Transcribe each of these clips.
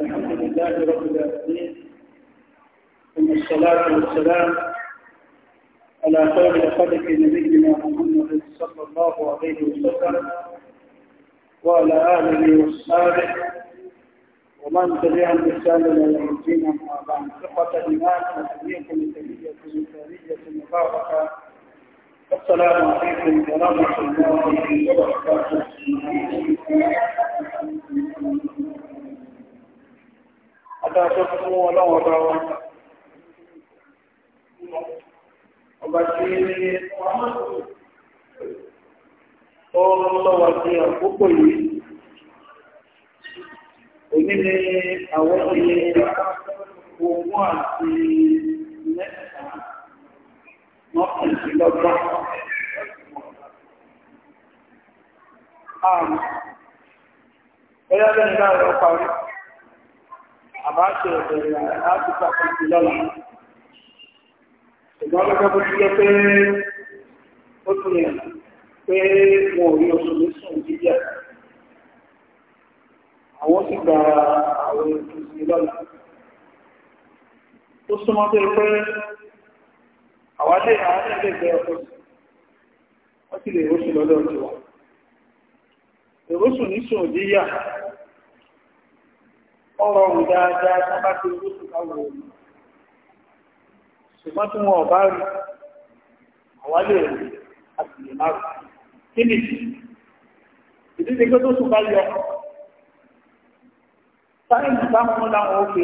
الحمد لله رب العالمين ثم الصلاة والسلام على خير خلق نبينا محمد صلى الله عليه وسلم وعلى آله وصحبه ومن تبعهم بإحسان إلى يوم الدين أما بعد ثقة الإيمان أحييكم بتحية مثالية مباركة السلام عليكم ورحمة الله وبركاته tààtọ́ fún ọlọ́wọ́ bá wọn ọba tí ó lọ́wọ́ sí àkókò yìí òní ni àwọn ilé àbáṣe ìbẹ̀rẹ̀ láti pàtàkì lọ́la. Ṣùgbọ́n lọ́gbẹ́ bó ti jẹ́ pé ó tún yẹ pé wọn ò rí oṣù ní sùn jíjẹ. Àwọn sì gba àwọn ìtòsí lọ́la. Ó súnmọ́ pé pé àwádé àwọn ẹgbẹ́ ọkọ̀ wọ́n sì lè róṣù lọ́dọ̀ tiwa. Èrò ní sùn jíjẹ ọ̀rọ̀ ọ̀hún dáadáa sábà tí owó tó bá wọ̀ ọ́nà ṣùgbọ́n tí wọn ọ̀bá rí àwa lè rí a sì lè má rí kí ni ìdíje pé tó tún bá yọ sáré ní bá wọn láwọn ó fi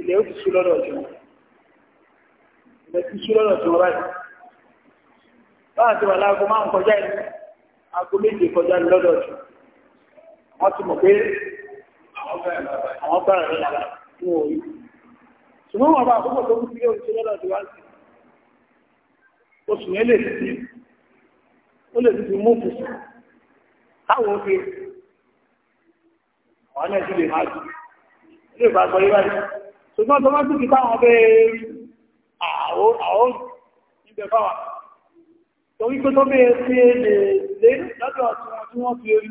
ilẹ̀ ó ti lọ́dọ̀ jù ilẹ̀ ti sú lọ́dọ̀ jù báyìí báwọn ti wà láago márùn kọjá yìí aago méje kọjá lọ́dọ̀ jù wọ́n ti mọ̀ pé àwọn bẹ̀rẹ̀ rẹ̀ lára fún orí ṣùgbọ́n wọn bá àkókò tó kú sí yóò ṣe lọ́dọ̀ tí wọ́n oṣù yẹn lè ti ó lè ti mú fùsù táwọn fi àwọn náà ti lè máa jù ilé ìbáṣọ yíwá yìí ṣùgbọ́n tó máa tún táwọn bẹ́ẹ̀ àwọn níbẹ̀ báwà torí pé tó bẹ́ẹ̀ sí èdè lé lọ́dọ̀ tí wọ́n fi orí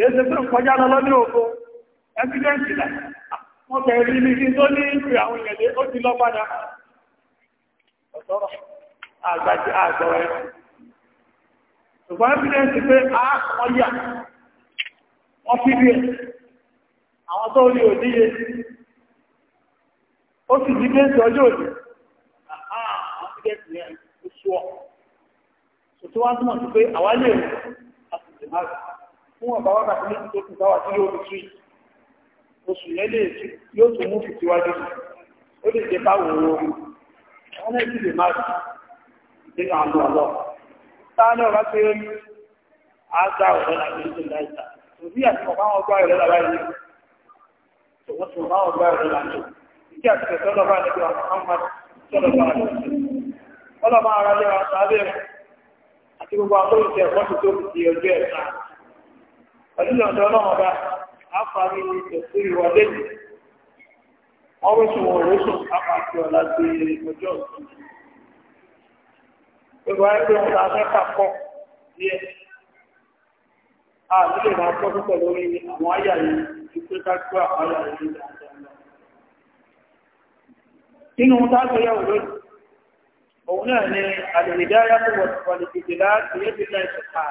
Kèése tó ń kọjá lọ lọ́dún oko, ẹ́sìdẹ́ǹtì là, wọ́n bẹ̀rẹ̀ ní ibi tó ní ìpè àwọn ìyẹ̀dẹ́ ó ti lọ padà. Ọ̀tọ́rọ̀, àgbàjì àgbọ̀ ẹ̀. pé a wọ́n yà, wọ́n Àwọn tó rí òdíye, ó sì di dé ìtọ́jú òdì. Àwọn ẹ́sìdẹ́ǹtì ó sí pé àti fún ọ̀bá wákàtí méjì tó kù táwà sí lórí tù oṣù yẹn lè yóò tún mú fìtì wájú ó lè jẹ báwo o wọn lè dìde má sí nínú àwọn ọlọ táwọn ọba ṣe rí àgbà ọ̀rọ̀ làwọn èso láìsà òbí àti ọba wọn gbá ọ̀rọ̀ làwọn èso tòun tòun bá wọn gbá ọ̀rọ̀ làwọn èso ìdí àti ẹ̀sọ́ lọ́ba níbi àwọn ọmọ sọ̀rọ̀ bá wọn ọlọ́ba ara lé wọn sábẹ́ àti gbogbo àwọn olùsẹ̀ wọ́n ti tó ti ọjọ́ ẹ̀ta pẹ̀lú ọ̀dọ́ ọlọ́run ọba n'afọ ìtòsíri wa lẹ́yìn wọ́n rọ́ṣùn wọn ọ̀la ti ọjọ́ òsì. Gbogbo wọn ta mẹ́ta díẹ̀. A máa púpọ̀ lórí àwọn àyà yìí ti pé ká gbọ́ àwọn àyà yìí dáadáa. Nínú lónìí, òun náà ni tó wọ̀ náà ṣe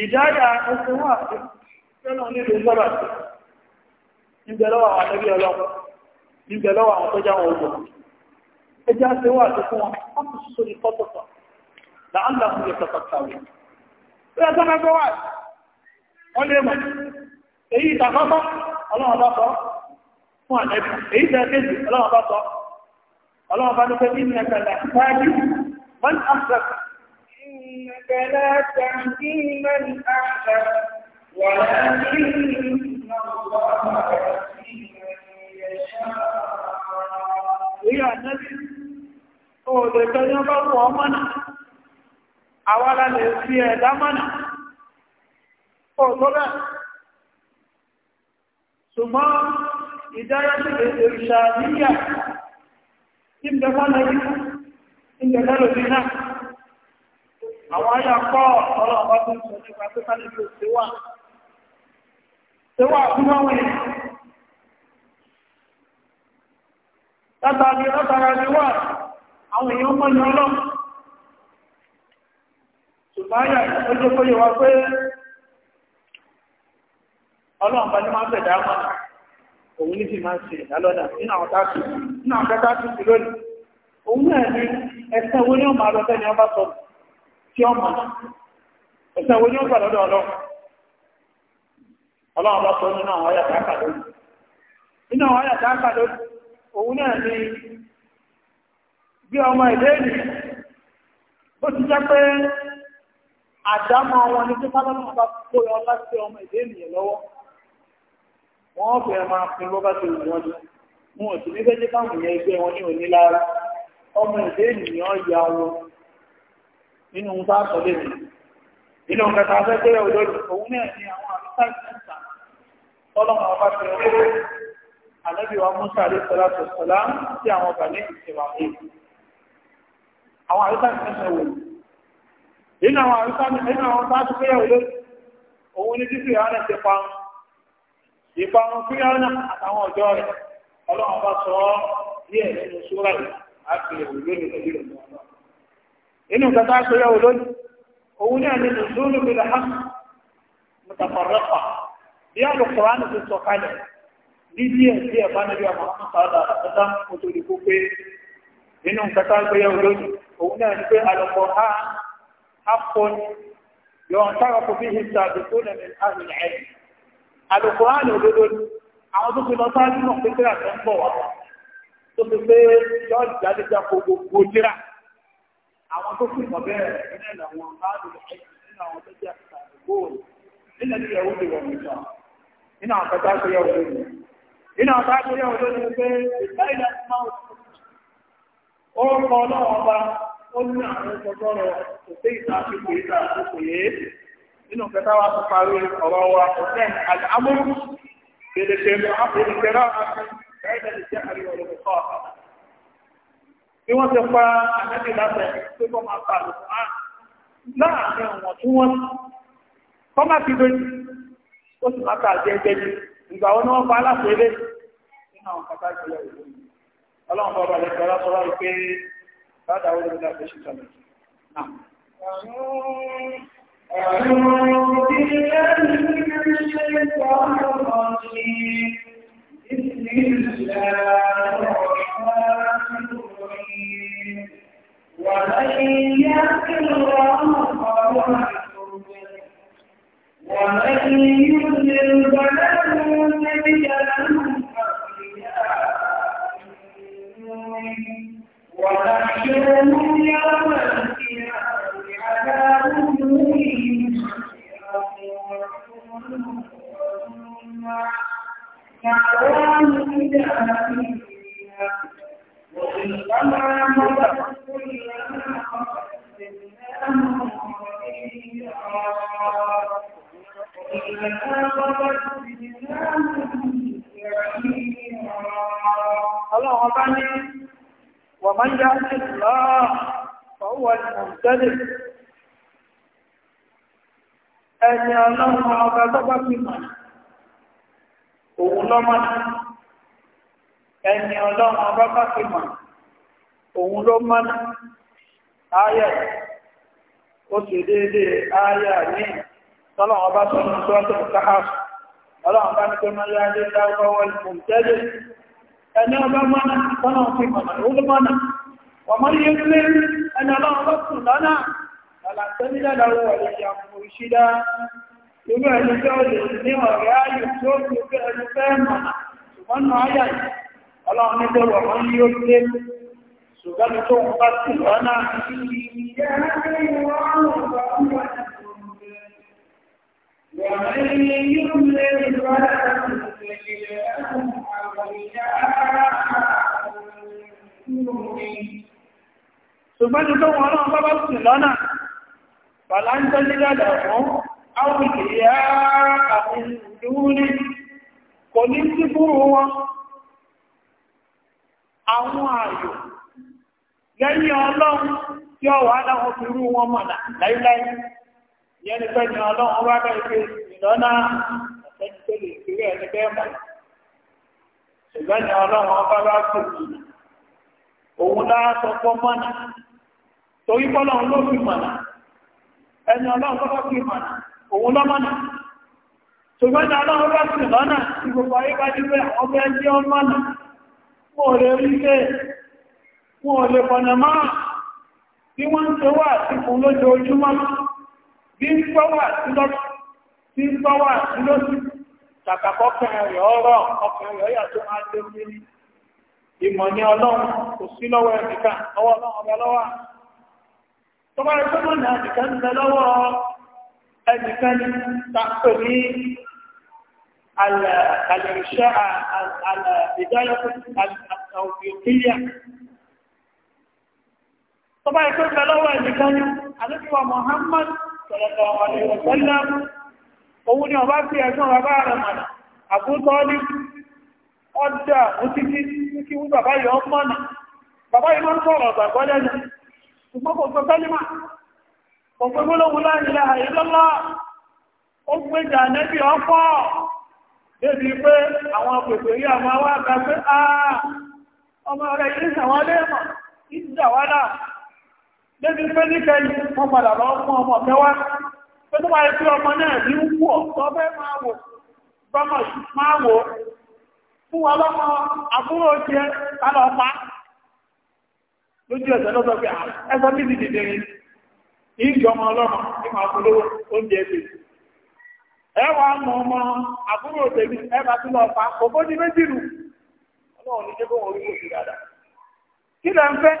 ìdáyà ẹsẹ̀ wà fẹ́nà nílùú sọ́rọ̀ níbẹ̀lọ́wà àwọn ẹgbẹ́ ọlọ́pọ̀ níbẹ̀lọ́wà àwọn tọ́já wọn ogun ẹjá ṣe wà tó fún wọn wọ́n kò sọ fọ́tọ̀tọ̀ láàrín àwọn ìpàtàkì إنك لا تهدي من أحببت ولكن الله يهدي من يشاء. يا نبي أو لكن يبقى أمانة أولا ليسيا دمانة أو لولا ثم إدارة الإرشادية إن دفعنا بنا إن دفعنا بنا àwọn ayà pọ̀ ọ̀rọ̀ ọba tó ń sọ nípa pé fún látàrí àwọn èèyàn ní ọlọ́ ṣùgbọ́n ayà yẹ pé ọlọ́run bá ní máa bẹ̀dá mọ́ òun ní máa ṣe ìdálọ́dà nínú àwọn nínú àwọn lónìí òun náà ní ọmọ ni ọba sọ̀rọ̀ tí ó mọ̀ ẹ̀sẹ̀ wo ni ó gbà lọ́dọ̀ ọlọ́run ọlọ́run bá sọ nínú àwọn ayàtà àkà wọ́n fẹ́ máa fi ní fẹ́ jẹ́ ẹgbẹ́ wọn ní ya wọn nínú ohun tá a sọ lẹ́nu nínú nǹkan tá a fẹ́ gbéyàwó lórí òun náà ni àwọn àrísà ìsẹ̀ǹtà ọba ti rẹ̀ lórí àlẹ́bí wa Musa alayhi salatu wassalam sí àwọn ọba ní ìṣẹ̀wà yìí àwọn àrísà ìsẹ̀ǹtà wò nínú àwọn àrísà nínú àwọn tá a ti gbéyàwó lórí òun ni títí ìhánà ti pa ìparun fún ìhánà àtàwọn ọjọ́ rẹ̀ إنه تتعطى يا أولود هنا النزول بالحق متفرقة يا القرآن في السوحانة دي دي دي أبانا بيا محمد صلى الله عليه وسلم وتريكو في إنهم تتعطى يا أولود هنا نبي على القرآن حق يعترف به السابقون من أهل العلم على القرآن يقولون أعوذ بالله من الشيطان الرجيم بسم الله الرحمن الرحيم àwọn tó kù ìmọ̀ bẹ́ẹ̀ nínú báàdì nínú àwọn tó jẹ́ àtàkùn góòlù akwụkwọ ẹ̀dí ẹ̀wọ́ máa ó kọ ọba ó ní àwọn ìta yé kẹta bí wọ́n ti pa ànábì láfẹ́ pé kọ́ máa pa àlùkò á láàrin ọ̀wọ̀n tí wọ́n kọ́ máa fi lójú ó sì máa ta àjẹjẹ ní ìgbà wọn ni wọ́n pa aláṣẹ ilé nínú àwọn kàtà ìpínlẹ̀ ìlú ọlọ́run bá balẹ̀ tó lásọ̀rọ̀ wípé bàtà ó lè ní àfẹ́ ṣe sọ̀rọ̀ náà. أعوذ بالله من الشيطان الرجيم بسم الله الرحمن الرحيم ومن يتق الله فهو ومن يضلل فلن تجد له ونحشرهم يوم القيامة على وجوههم نعوان جهنم وإنما مضت كل Ọlọ́run ọba ní wọ̀mọ́ yá sí lọ́ọ̀ fọ́wọ́ ìmọ̀tẹ́lẹ̀. Ẹni ọlọ́run ọba tọ́gbà fi mọ̀, òun lọ́mọ́ ẹni ọlọ́run ọba bá fi òun ló mọ́ náà, ayẹ̀ ó ṣe déédéé ááyà ní tọ́lọ́wọ́ bá sọ ní sọ́tọ̀ káàkiri ọlọ́run bá ní pé máa yá lé láwọ́wọ́ ìfòm tẹ́lẹ̀ ẹni ọba mọ́nà tọ́lọ́run fi mọ̀nà ìwúlú mọ́nà wọ́n mọ́ yé lé ẹni ọlọ́run bá sùn lọ́nà alàtẹ́lẹ̀ lọ́wọ́ ṣùgbọ́n mi tó ń bá sí lọ́nà ṣùgbọ́n tó wọ́n náà bá bá sí lọ́nà bàlá ń tọ́jú lọ́dà fún àwọn ìyá àwọn ìdúrí kò ní sí fúrú wọn àwọn ààyò sẹ́yìn ọlọ́run tí ọ wà láwọn fi wọn mọ̀ láíláí ni pẹ́ni ọlọ́run wá bẹ́ẹ̀ pé ìlọ́nà àtẹ́jú tó lè bẹ́ẹ̀ mọ̀ ṣùgbọ́n ni ọlọ́run ọba bá kù òun sọ pọ́ mọ́nà torí ló fi mọ̀nà ẹni ọlọ́run fi mọ̀nà òun ṣùgbọ́n ni ọlọ́run bá ayé bá dúpẹ́ ọmọ wọn ò lè fọ̀nà máa bí wọ́n ń tó wà sí fún lójoojúmọ́ bí ń pọ́wà sí lọ́pọ̀ tí ń pọ́wà sí lọ́sí tàkàkọ́ kẹrẹ̀ ọ̀rọ̀ ọkẹrẹ̀ ọ̀yà tó máa tẹ́ omi ní ìmọ̀ ní ọlọ́run tó bá ikú ìfẹ́ lọ́wọ́ ẹ̀nìkan alẹ́bíwà Muhammad sọ̀rọ̀lọ́ ọ̀lẹ́wọ̀sọ́lá òun ni ọba fi ẹ̀sùn bàbá rẹ̀ mọ̀nà àbútọ́ọ́lì ọjà òtítí kí wú bàbá yọ mọ́nà bàbá yìí máa ń sọ̀rọ̀ ọ̀gbàgbọ́ lẹ́nu ṣùgbọ́n kò sọ sẹ́límà kò pé gbólóhùn láàrin ilẹ̀ àìlọ́lá ó gbé jà nẹ́bí ọ̀pọ̀ débi pé àwọn pèpè rí àwọn awá àgbà pé àà ọmọ rẹ̀ yìí sàwọn lẹ́ẹ̀mọ̀ ìjà débi pé níkẹ́ yìí wọ́n padà lọ fún ọmọ mẹ́wá pé tó pé ọmọ náà ní wú ọ̀tọ́ fẹ́ máa wò bọ́mọ̀ máa wò fún wa àbúrò jẹ kálọ̀ lójú ẹ̀sẹ̀ pé bí ah, ti dìde ní ìjọ ọmọ ọlọ́mọ ní máa fún lówó oúnjẹ mọ ọmọ àbúrò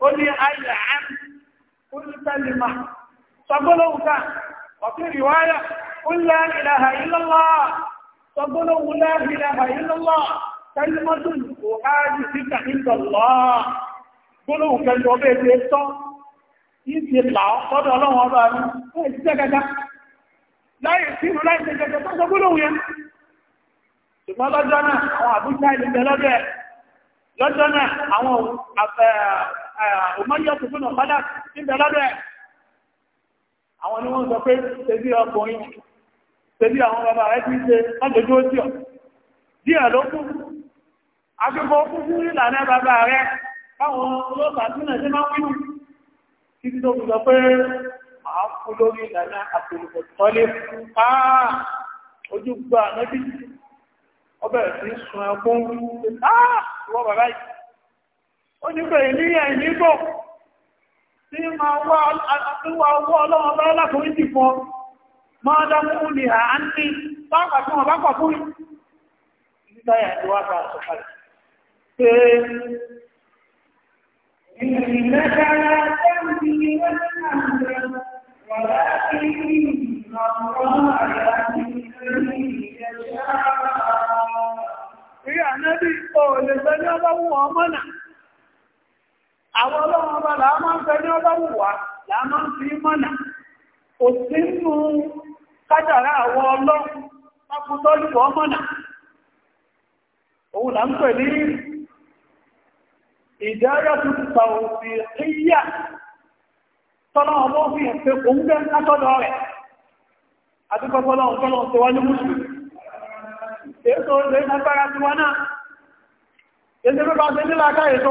ó ní ayà án olùtẹ́lìmà sọgbọ́lọ́wù ká ọ̀fẹ́ ìwáyà ó lá ìlàhà ìlọ́lá sọgbọ́lọ́wù lá ìlàhà ìlọ́lá tẹ́lìmọ́tún kò áàdì sí kàíkọ̀lá gbọ́lọ́wù kẹjọ ọbẹ̀ ẹgbẹ́ sọ ìsì là ọ̀pọ̀dọ̀ ọlọ́wọ́ ọba mi láì sí ẹgbẹ́ta láì sí ìlú láì sí ẹgbẹ́ta tó sọgbọ́lọ́wù yẹn ṣùgbọ́n lọ́jọ́ náà àwọn àbújá ìlú lọ́jọ́ náà àwọn òmọ́yọ́ eh, tó fún ọ̀pádà níbẹ̀ lọ́dọ̀ ẹ̀ àwọn ni wọ́n sọ pé tẹ́bí ọkùnrin tẹ́bí àwọn bàbá rẹ̀ ti ṣe lọ́dọ̀jú ó sí ọ̀ díẹ̀ ló kú akẹ́kọ̀ọ́ kú fún ìlànà bàbá rẹ̀ káwọn olóòpàá tí náà ṣe máa wínú títí tó sọ pé màá kú lórí ìlànà àpòlùpọ̀ tọ́lé fún áà ojú gbà lọ́bí ọbẹ̀ sí sun ẹkún áà wọ́n bàbá yìí ó ní pé ìníyà tí ma wá ọwọ́ ọlọ́wọ́ bá lákòrí jì fún máa dámú ní à ń ní bá àwọn ọlọ́run ọba làá máa ń fẹ́ ní ọlọ́run wà làá máa ń fi mọ́nà kò sí nù kájàrá àwọn ọlọ́run pápútọ́ nípa òun là ń pè ní ìdáyà tó ti òfin kíyà tọ́lá ọmọ fi ẹ̀fẹ́ òun gẹ́ látọ́dọ̀ rẹ̀ àti ọ̀tọ́lọ́ wá ní mùsùlùmí ti wá náà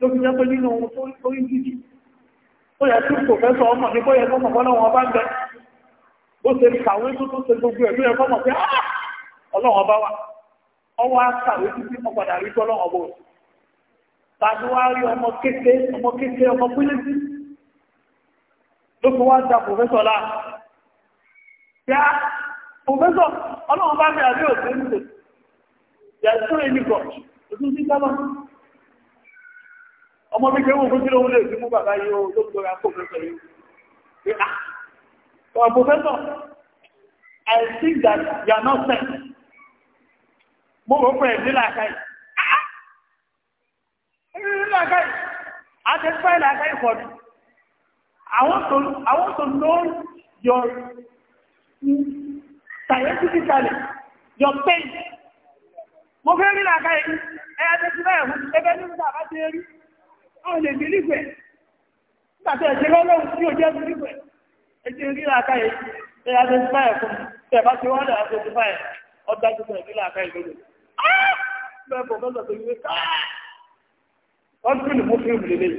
ló fi jẹ́ ohun tó lórí títí ó yẹ ọmọ ní bóyẹ wọn bá ń kàwé tó tó gbogbo ẹ̀ ló yẹ pé ah! ọlọ́wọ́n bá wà ọwọ́ kàwé títí mọ́ padà rí tàbí wá rí ọmọ kéke ọmọ kéke ọmọ pínlẹ̀ sí ló wá da pòfẹ́sọ̀ ọmọ bí kéwù fún kí lóhun lè bàbá yìí ó tó gbọ́ra kó fẹ́sọ̀ yìí ah, ọ̀rọ̀ pòfẹ́sọ̀ I think that you are not sent mo rò pé ẹ̀dí làákàyè ah, ah, ẹ̀dí làákàyè a ti fẹ́ làákàyè for me I want to I want to know your scientifically your pain mo fẹ́ rí làákàyè ẹ̀yà tẹ́sí bẹ́ẹ̀ fún ẹgbẹ́ nígbà bá ti rí. ọ̀ lè bìlífẹ̀ nígbàtí ẹ̀ṣẹ̀ lọ́lọ́run tí ó jẹ́ bìlífẹ̀ ẹ̀ṣẹ̀ ríra akáyè ṣe adẹ́sífáyẹ̀ fún tẹ̀ bá ti wọ́n lẹ̀ adẹ́sífáyẹ̀ ọ̀dájú fún ẹ̀ṣẹ̀ akáyè lọ́lọ́ bẹ́ẹ̀ bọ̀ lọ́lọ́ tó yẹ ká wọ́n tún lè mú fíìmù lélẹ̀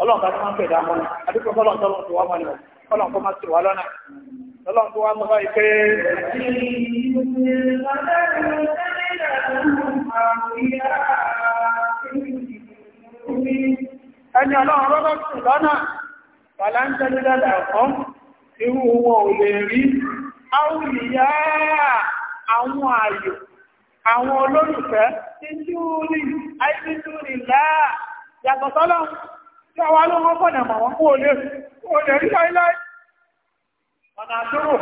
ọlọ́run bá ti máa ń pẹ̀lú àwọn ti lọ́nà bí ẹni ọlọ́run rọ́bọ̀ lọ́nà irú wọn ò lè rí áwùyá àwọn ààyò àwọn olólùfẹ́ tí láà yàtọ̀ sọ́lọ́ tí ló wọ́n pọ̀nà mọ̀ wọ́n kó lè rí ọ̀nà àtúrò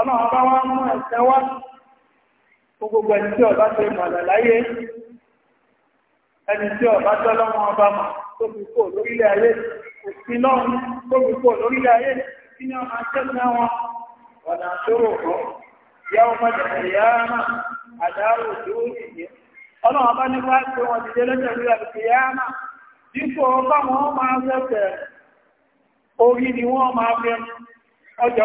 ọlọ́run bá wá mú ẹ̀sẹ̀ wá gbogbo ẹni tí ọba ṣe mọ̀lẹ̀ láyé ẹni tí ọba ọba tó fi kó lórílẹ̀ ayé òfin lọ́run tó fi kó lórílẹ̀ ayé kí ni ọmọ akẹ́kọ̀ọ́ wọn ọ̀nà ọmọ ìyá tó ọlọ́run bá nípa pé wọ́n ti dé lọ́jọ́ ìlú ìyá dípò ọba wọn máa fẹ́ orí ni wọ́n máa fẹ́ ọjà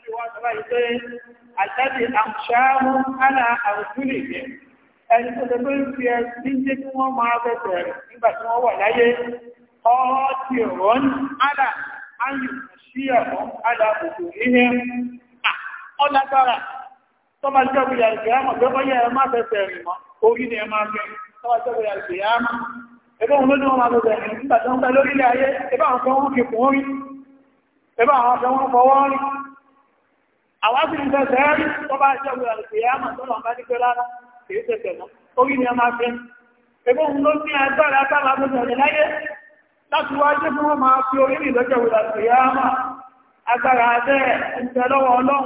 níbi wá sọ́lá yìí pé àjáde àṣàrù hánà àrùjúlì yẹn ẹni tó lọ́gbẹ́ ń fi ẹni jẹ́ kí wọ́n máa bẹ̀rẹ̀ rẹ̀ nígbà tí wọ́n wà láyé ọ́ọ̀tì rọ́n hánà ayù sí ẹ̀rọ hánà òkú ihe ọlágbára tọ́ba jẹ́ òkú yàrá ìgbéyà mọ̀ gbẹ́kọ́ yẹ ẹ má bẹ̀rẹ̀ rìn mọ́ orí ni ẹ má gbé àwọn sì ń tẹ̀sẹ̀ rí tó bá jẹ́ òwe àlùkìyàmà tó lọ bá dípẹ́ rárá kìí tẹ̀sẹ̀ náà orí ni a máa fẹ́ ẹgbẹ́ òun ló ní agbára tábà tó tẹ̀lé láyé láti wá jẹ́ fún wọn máa fi orí ní ìlọ́jọ́ òwe àlùkìyàmà agbára abẹ́ ìtẹ̀ lọ́wọ́ ọlọ́run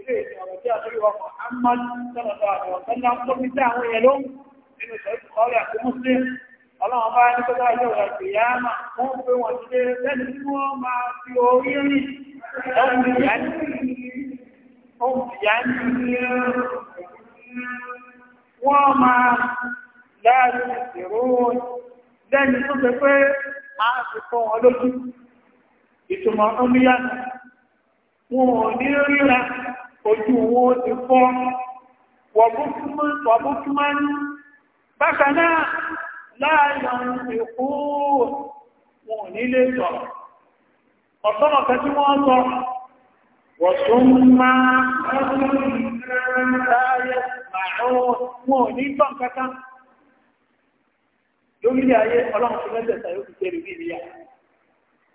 ilé ìsìn ọ̀rọ̀ tí a tó yíwọ́ fún Ahmad sọ́lọ́tọ̀ àwọn ó fìyà ní wọ́n máa láàrin ìṣèrò lẹ́ni tó fẹ́ pé a ti kọ́ wọn lójú ìtumọ̀ ọmọlúyà wọn ò ní ríra ojú wọn ti fọ́ wọ̀búkúmọ́ ní bákan náà láàrin wọn ò ní lè وثم لا يسمعون موني بانكتا lórí ilé ayé ọlọ́run fi mẹ́tẹ̀ẹ̀ta yóò fi tẹ́rì bíi ìyá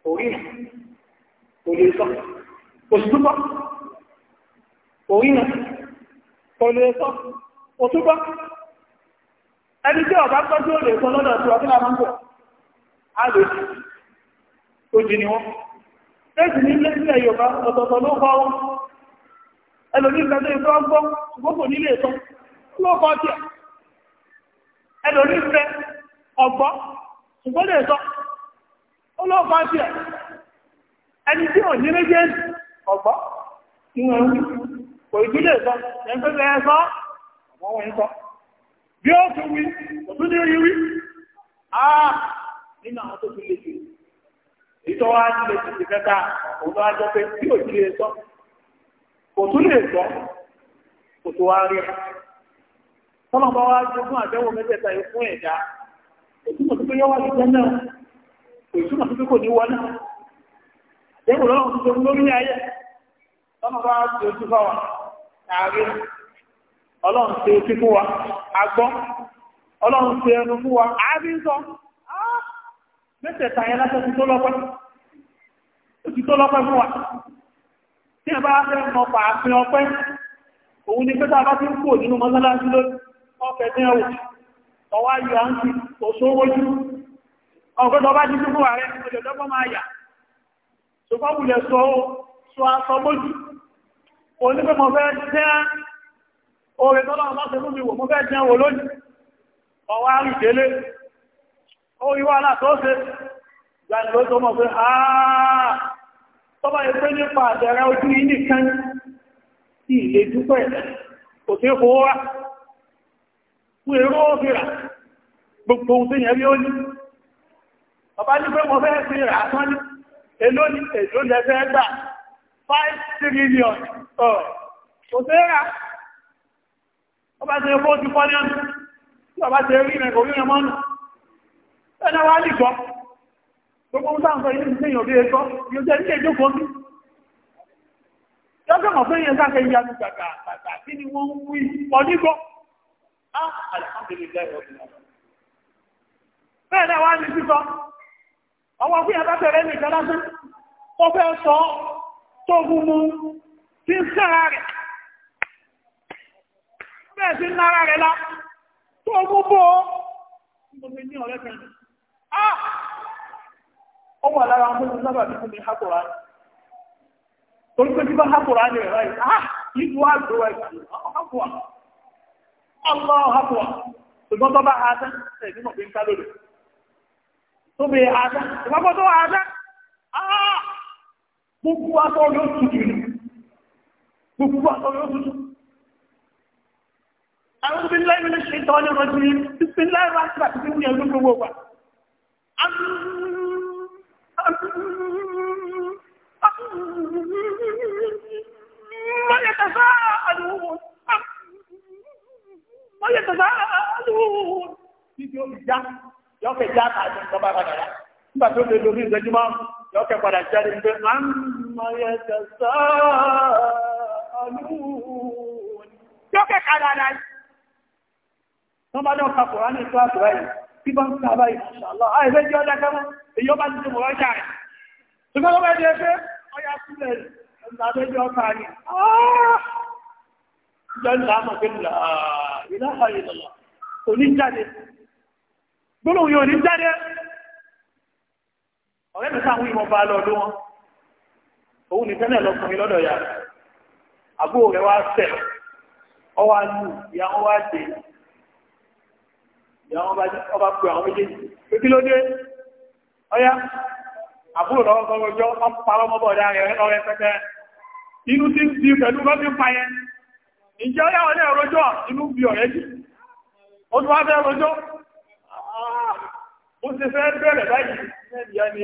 orí kò lè sọ òṣùpọ̀ orí kò lè sọ òṣùpọ̀ ẹni tí ọ̀bá tọ́jú ò lè sọ lọ́dọ̀ tí ọdún àmọ́ ń bọ̀ á lè tẹ́sì ní ilé sílẹ̀ ọ̀tọ̀ọ̀tọ̀ ló kọ́ wọn ẹlòmí kan tó ìfẹ́ ọgbọ́n ṣùgbọ́n kò nílé ìtọ́ ló kọ́ tiẹ̀ ẹlòmí fẹ́ ọgbọ́n ṣùgbọ́n lè sọ ó ló kọ́ tiẹ̀ ẹni tí ò ní méjèèjì ọgbọ́n tí wọ́n wí kò ìdí lè sọ ẹgbẹ́ bẹ́ẹ̀ sọ àwọn wọn sọ bí ó tún wí kò ní rí wí ah nínú àwọn tó tún lè jù ìtọ́ wa ti lè tètè kẹta òun ló jọ pé tí òjì lè sọ kò tún lè sọ kò tó wá rí ẹ tọ́nà bá wá jẹ fún àdéhùn mẹ́tẹ̀ẹ̀ta yìí fún ẹ̀dá òtúmọ̀ tó pé kò kò ní lọ́wọ́ ah! tó lórí bá ojú ọlọ́run òtí tó lọ́pẹ́ fún wa tí ẹ bá fẹ́ mọ pàápín ọpẹ́ òun ni pẹ́ta bá ti ń kò nínú mọ́sálásí lórí ọpẹ́ ní ẹwù ọwá yọ àǹtí òṣòwòjú ọgọ́dọ̀ bá jíjú fún ààrẹ òjòjọ́gbọ́ máa yà ṣùgbọ́n wùlẹ̀ sọ aṣọ mójú òun ni pé mo fẹ́ jẹ́ oore ṣe fún mi wò mo fẹ́ jẹ́ wò lónìí ọwá rí délé ó rí wà látọ́ ṣe gbàdìlótó mọ̀ pé ààrẹ tọ́bá yẹ pé nípa àjẹ́rẹ́ ojú ilé kan tí ilé dúpẹ́ kò tí kò wá fún èrò òfìrà gbogbo ohun tí yẹn rí ó ní ọba ní pé wọ́n fẹ́ fi rà tán ní èló ní èló lẹ́fẹ́ gbà 5 trillion ọ̀ kò tí rà ọba tí ó ti fọ́ ní ọ̀nà tí ọba tí rí rẹ̀ kò rí rẹ̀ mọ́nà ẹ̀nà gbogbo ń sáǹsọ ilé ìsìn èèyàn bí yóò jẹ́ ilé ìjókòó bí lọ́jọ́ mọ̀ pé èèyàn sáfẹ́ ya ní gbàgbà ni wí ọ alára ń gbọ́dọ̀ sábà bí fún mi hákùrá ní torí pé bíbá hákùrá ní ẹ̀rọ yìí ah ìlú àgbẹ̀wò ẹ̀kọ́ hákùrá ọlọ́ hákùrá ṣùgbọ́n tó bá adá ẹ̀mí mọ̀ pé ń ká lórí ah gbogbo atọ́ yóò gbogbo àwọn ṣe ما يتساءلون ما يتساءلون títí ó fi já yọ kẹ já ká àti ìjọba padà yá nígbà tó lè lórí ìgbẹ́jú máa yọ kẹ padà jáde pé à ń mọ yẹ tẹ̀sán tí bá ń ká báyìí ṣàlọ́ àìfẹ́ jẹ́ ọjá kámọ́ èyí ọba ti tó mọ̀ ọjà rẹ̀ ṣùgbọ́n ọba ẹ̀dẹ̀ ẹgbẹ́ ọya sílẹ̀ ìlàbẹ́jọ́ ọkà ni jẹ́ ah! ìlàmọ̀ pé ìlàhà ìlọ́lọ́ kò ní jáde gbólóhùn yóò ní jáde ọ̀rẹ́ mi sáwọn ìmọ̀ bá lọ́dún wọn òun ní tẹ́lẹ̀ lọ́kùnrin lọ́dọ̀ ya àbúrò rẹ̀ wá sẹ̀ ọwá lù ìyá wá dé ìyàwó ọba pè àwọn méjèèjì pé kí ló dé ọyá àbúrò lọ́wọ́ kọ́kọ́ jọ ọpàá ọmọbọ̀ ọ̀dá rẹ̀ lọ́rẹ́ pẹ́pẹ́ inú tí ń fi pẹ̀lú bá fi ń payẹ ìjẹ́ ọyá ọ̀lẹ́ ọ̀rọ̀jọ́ inú bí ọ̀rẹ́ jù ó tún wá fẹ́ ọ̀rọ̀jọ́ ó ah, ti fẹ́ bẹ̀rẹ̀ báyìí mẹ́rìnlá ni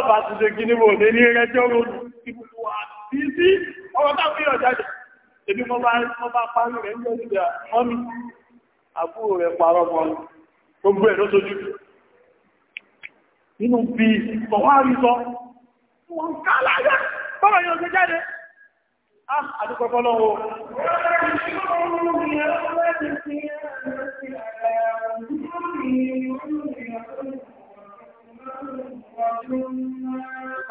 ọba ti ṣe kí ní mo lè ní ẹjọ́ ronú tí mo wà sí sí ọwọ́ táwọn ìyọ̀ àbúrò rẹ̀ parọ́ mọ́ gbogbo ẹ̀ ló sojú nínú bí ọwọ́ àrísọ wọn kálá yá bọ́rọ̀ yóò ṣe jáde ah àdúgbọ́gbọ́ lọ́wọ́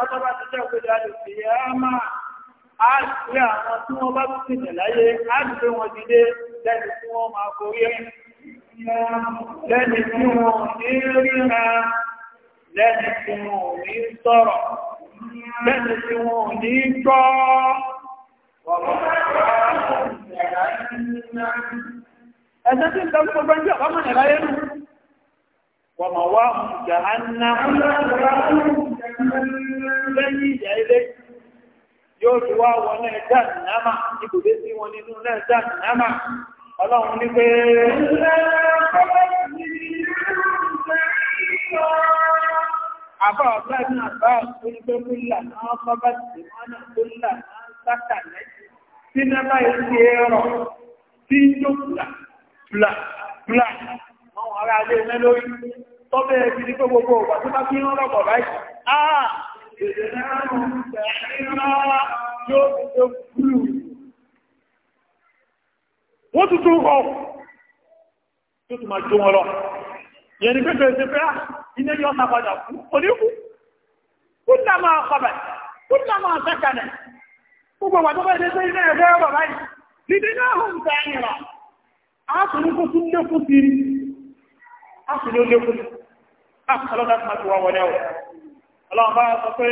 Ọjọ́ bá ti jẹ́ òkèdè àdìsí, ẹ máa a ṣe àwọn tí wọ́n bá ti tẹ̀ láyé a ti pé wọn dìde lẹ́ni tí wọ́n máa forí lẹ́ni tí wọ́n ní ríra lẹ́ni tí wọ́n ní sọ̀rọ̀ lẹ́ni tí wọ́n ní gbọ́ ẹ̀sẹ̀ tí ń tẹ́lú gbogbo ẹjọ́ ọmọ yóò ti wá wọn náà jàǹdámà ibùdó sí wọn nínú náà jàǹdámà ọlọ́run ní pé àbá ọ̀gá ní àbá onígbé kúlà náà bábá tì mọ́nà kúlà náà sákà lẹ́yìn tí náà báyìí ti rọ̀ tí ń jó kúlà kúlà àwọn ará ilé mẹ́lórí tọ́bẹ̀ẹ́ ti ní pé gbogbo tó bá fi ń rọ̀gbọ̀ báyìí ìdènà àrùn ìrìnà yóò ti tó kúrù. Wọ́n tún máa jó wọn lọ. Yẹn ni pẹ́pẹ́ ah, ṣe pé iná yọ ọ́ta padà fún oníkù. Kúnlá wà tó iná Ọlọ́run bá sọ pé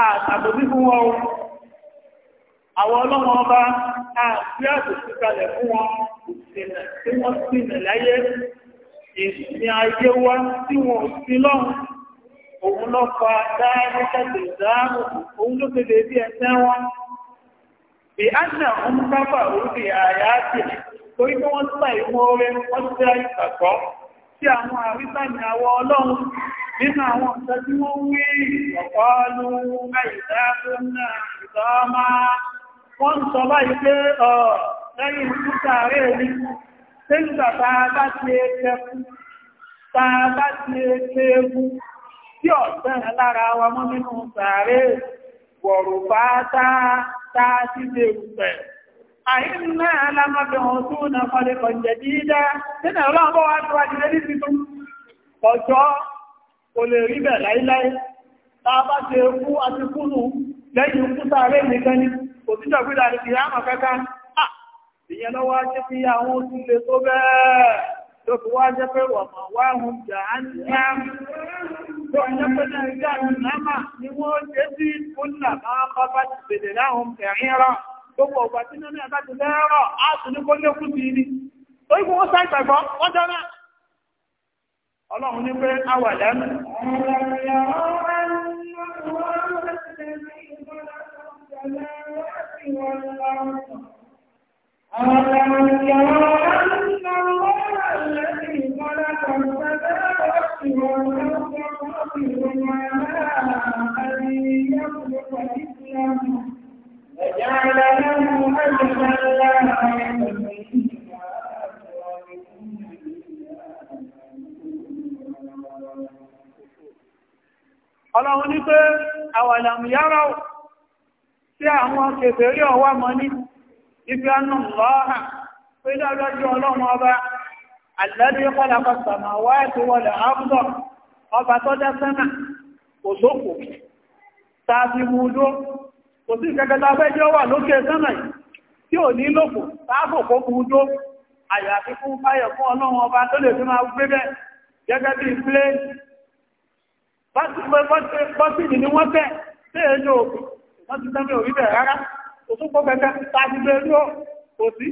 Àtàbò bí fún wọn ohun àwọn ọlọ́mọ ọba àti àtòsí kalẹ̀ fún wọn tí wọ́n sì nà láyé ìsìn ayé wá tí wọ́n sí lọ́hùn òun lọ fa dáadé kẹ́kẹ́ ìdáàmù òun ló fi bèbí ẹsẹ̀ wọn bí a nà tí àwọn àrísà ní àwọ ọlọ́run nínú àwọn ọ̀sẹ̀ tí wọ́n wí ọ̀pọ̀ ọlú àìdáàmù náà ìdáàmù wọ́n ń sọ báyìí pé ọ̀ lẹ́yìn ìtúta rẹ̀ ní tẹ́lùgbà tààbá ti ẹgbẹ́kú tààbá ti ẹgbẹ́kú tí ọ̀sẹ̀ lára wa mọ́ nínú sàárẹ̀ wọ̀rọ̀ bá táa ti dé rúpẹ̀. àyínná alámọ́bẹ̀ wọn tó na kọlẹ̀ kọjẹ̀ dídá nínú ọlọ́ọ̀bọ̀ wá tó wájú lẹ́ní tuntun ọjọ́ kò lè rí bẹ̀ láíláí tààbá ti ẹkú àti kúnnù lẹ́yìn kúta rẹ̀ nìkan ni kò sí jọ̀gbídà ní ti àmà kankan ìyẹn lọ́wọ́ ajé tí àwọn oṣù tó bẹ́ẹ̀ tó fi wá jẹ́ pé wà máa wá hun jà á pé ni wọ́n jẹ́ sí kúnlà máa bá bá ti bèèrè láhùn ẹ̀rín rọ gbogbo ọgbà والأرض أولم يروا أن الله الذي خلق السماوات والأرض قادر على أن يخلق مثلهم وجعل له أجلا لا يمكن Ọlọ́run ní pé àwàlàmù yára tí àwọn kèfèrí ọwá mọ́ ní ibi anú lọ́ha pé lọ́lọ́jú ọlọ́run ọba àlẹ́lú kọ́lápọ̀ sàmàwá ẹ̀tí wọlé ápùdọ̀ ọba tó dá sẹ́nà kò sókò tàbí múdó kò sí kẹkẹta fẹ́jọ́ wà lókè sẹ́nà wọ́n ti tẹ́lẹ̀ orí bẹ̀ rárá kò pọ́ pẹ́pẹ́ ta ti kò sí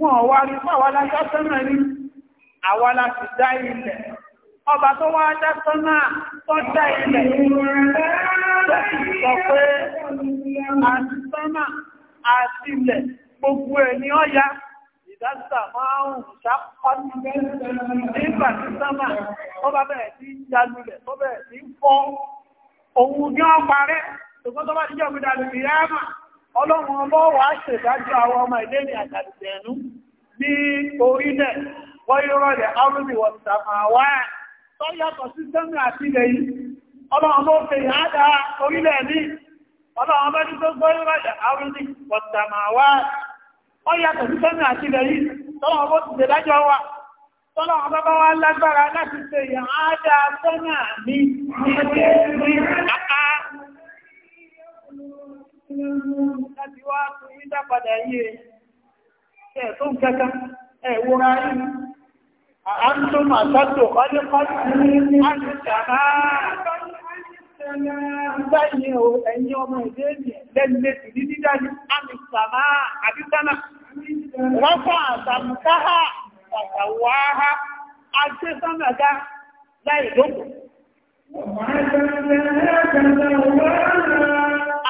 wọn wá rí fún àwa lájá sọ́nà ní àwa láti dá ilẹ̀ ọba tó wá dá sọ́nà tó dá ilẹ̀ sọ pé àti sọ́nà àti ilẹ̀ gbogbo ẹ̀ ni ó yá máa ń ṣàpàtì nígbà tí sọ́mà ó bẹ̀rẹ̀ sí jalulẹ̀ ó bẹ̀rẹ̀ sí fọ́ òun ní ọ parẹ́ ṣùgbọ́n tó bá ti jẹ́ òmìnira lórí yáàmà ọlọ́run ọlọ́wà ṣèdájọ́ àwọn ọmọ ilé ní ẹnu ní orílẹ̀ wọ́yọ́rọ̀lẹ̀ arúbì wọ̀sàmáwá tó orílẹ̀ bá wá lágbára láti ṣe ní kí ló mú láti wá fún yídá padà yí ẹ tó ń kẹta ẹ wúra yín àántún àtàtò ọdún pàtàkì ní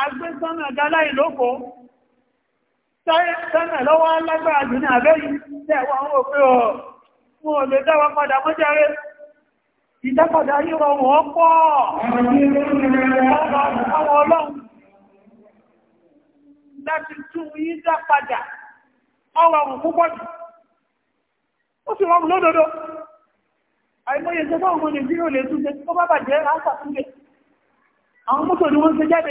àgbé sánà gálá ìlókò sánà lọ́wọ́ alágbára jù ní àbẹ́yìn tẹ́wà ń rò pé ọ̀ mú olè dáwà padà mọ́járe ìdápadà yíwọ wọ́n pọ̀ ọmọ ọlọ́run láti tẹ́fọ́ ọmọ nàìjíríà lè túnṣe tó bá bàjẹ́ àwọn mọ́tò ni wọ́n ṣe jáde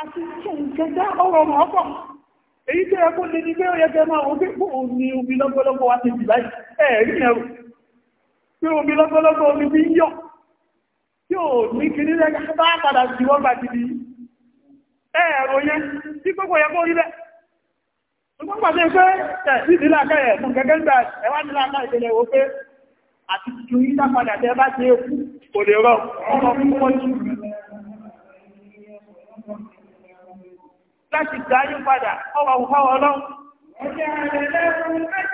àti kẹ̀kẹ́dá ọ̀rọ̀ ọmọ ọ̀pọ̀ èyí tó yẹ kó lè ní pé yẹ kẹ́ máa wọ́n pé kó omi omi lọ́gbọ́lọ́gbọ́ wá ti jì báyìí ẹ̀rí ẹ̀rù pé omi lọ́gbọ́lọ́gbọ́ omi bí yọ̀ tí ní kiri lẹ́gbẹ́ bá padà sí wọ́n bá ti di ẹ̀rọ yẹn tí gbogbo yẹ kó rí bẹ́ẹ̀ ṣùgbọ́n pàṣẹ pé ìdí làkàyẹ̀ fún gẹ́gẹ́ gbà ẹ̀wá ní làkà ìṣẹ̀lẹ̀ wo pé àti ju yíká láti gbà yín padà ọwọ́ àwùfá ọlọ́run. Ẹja àdàlẹ́kùn fún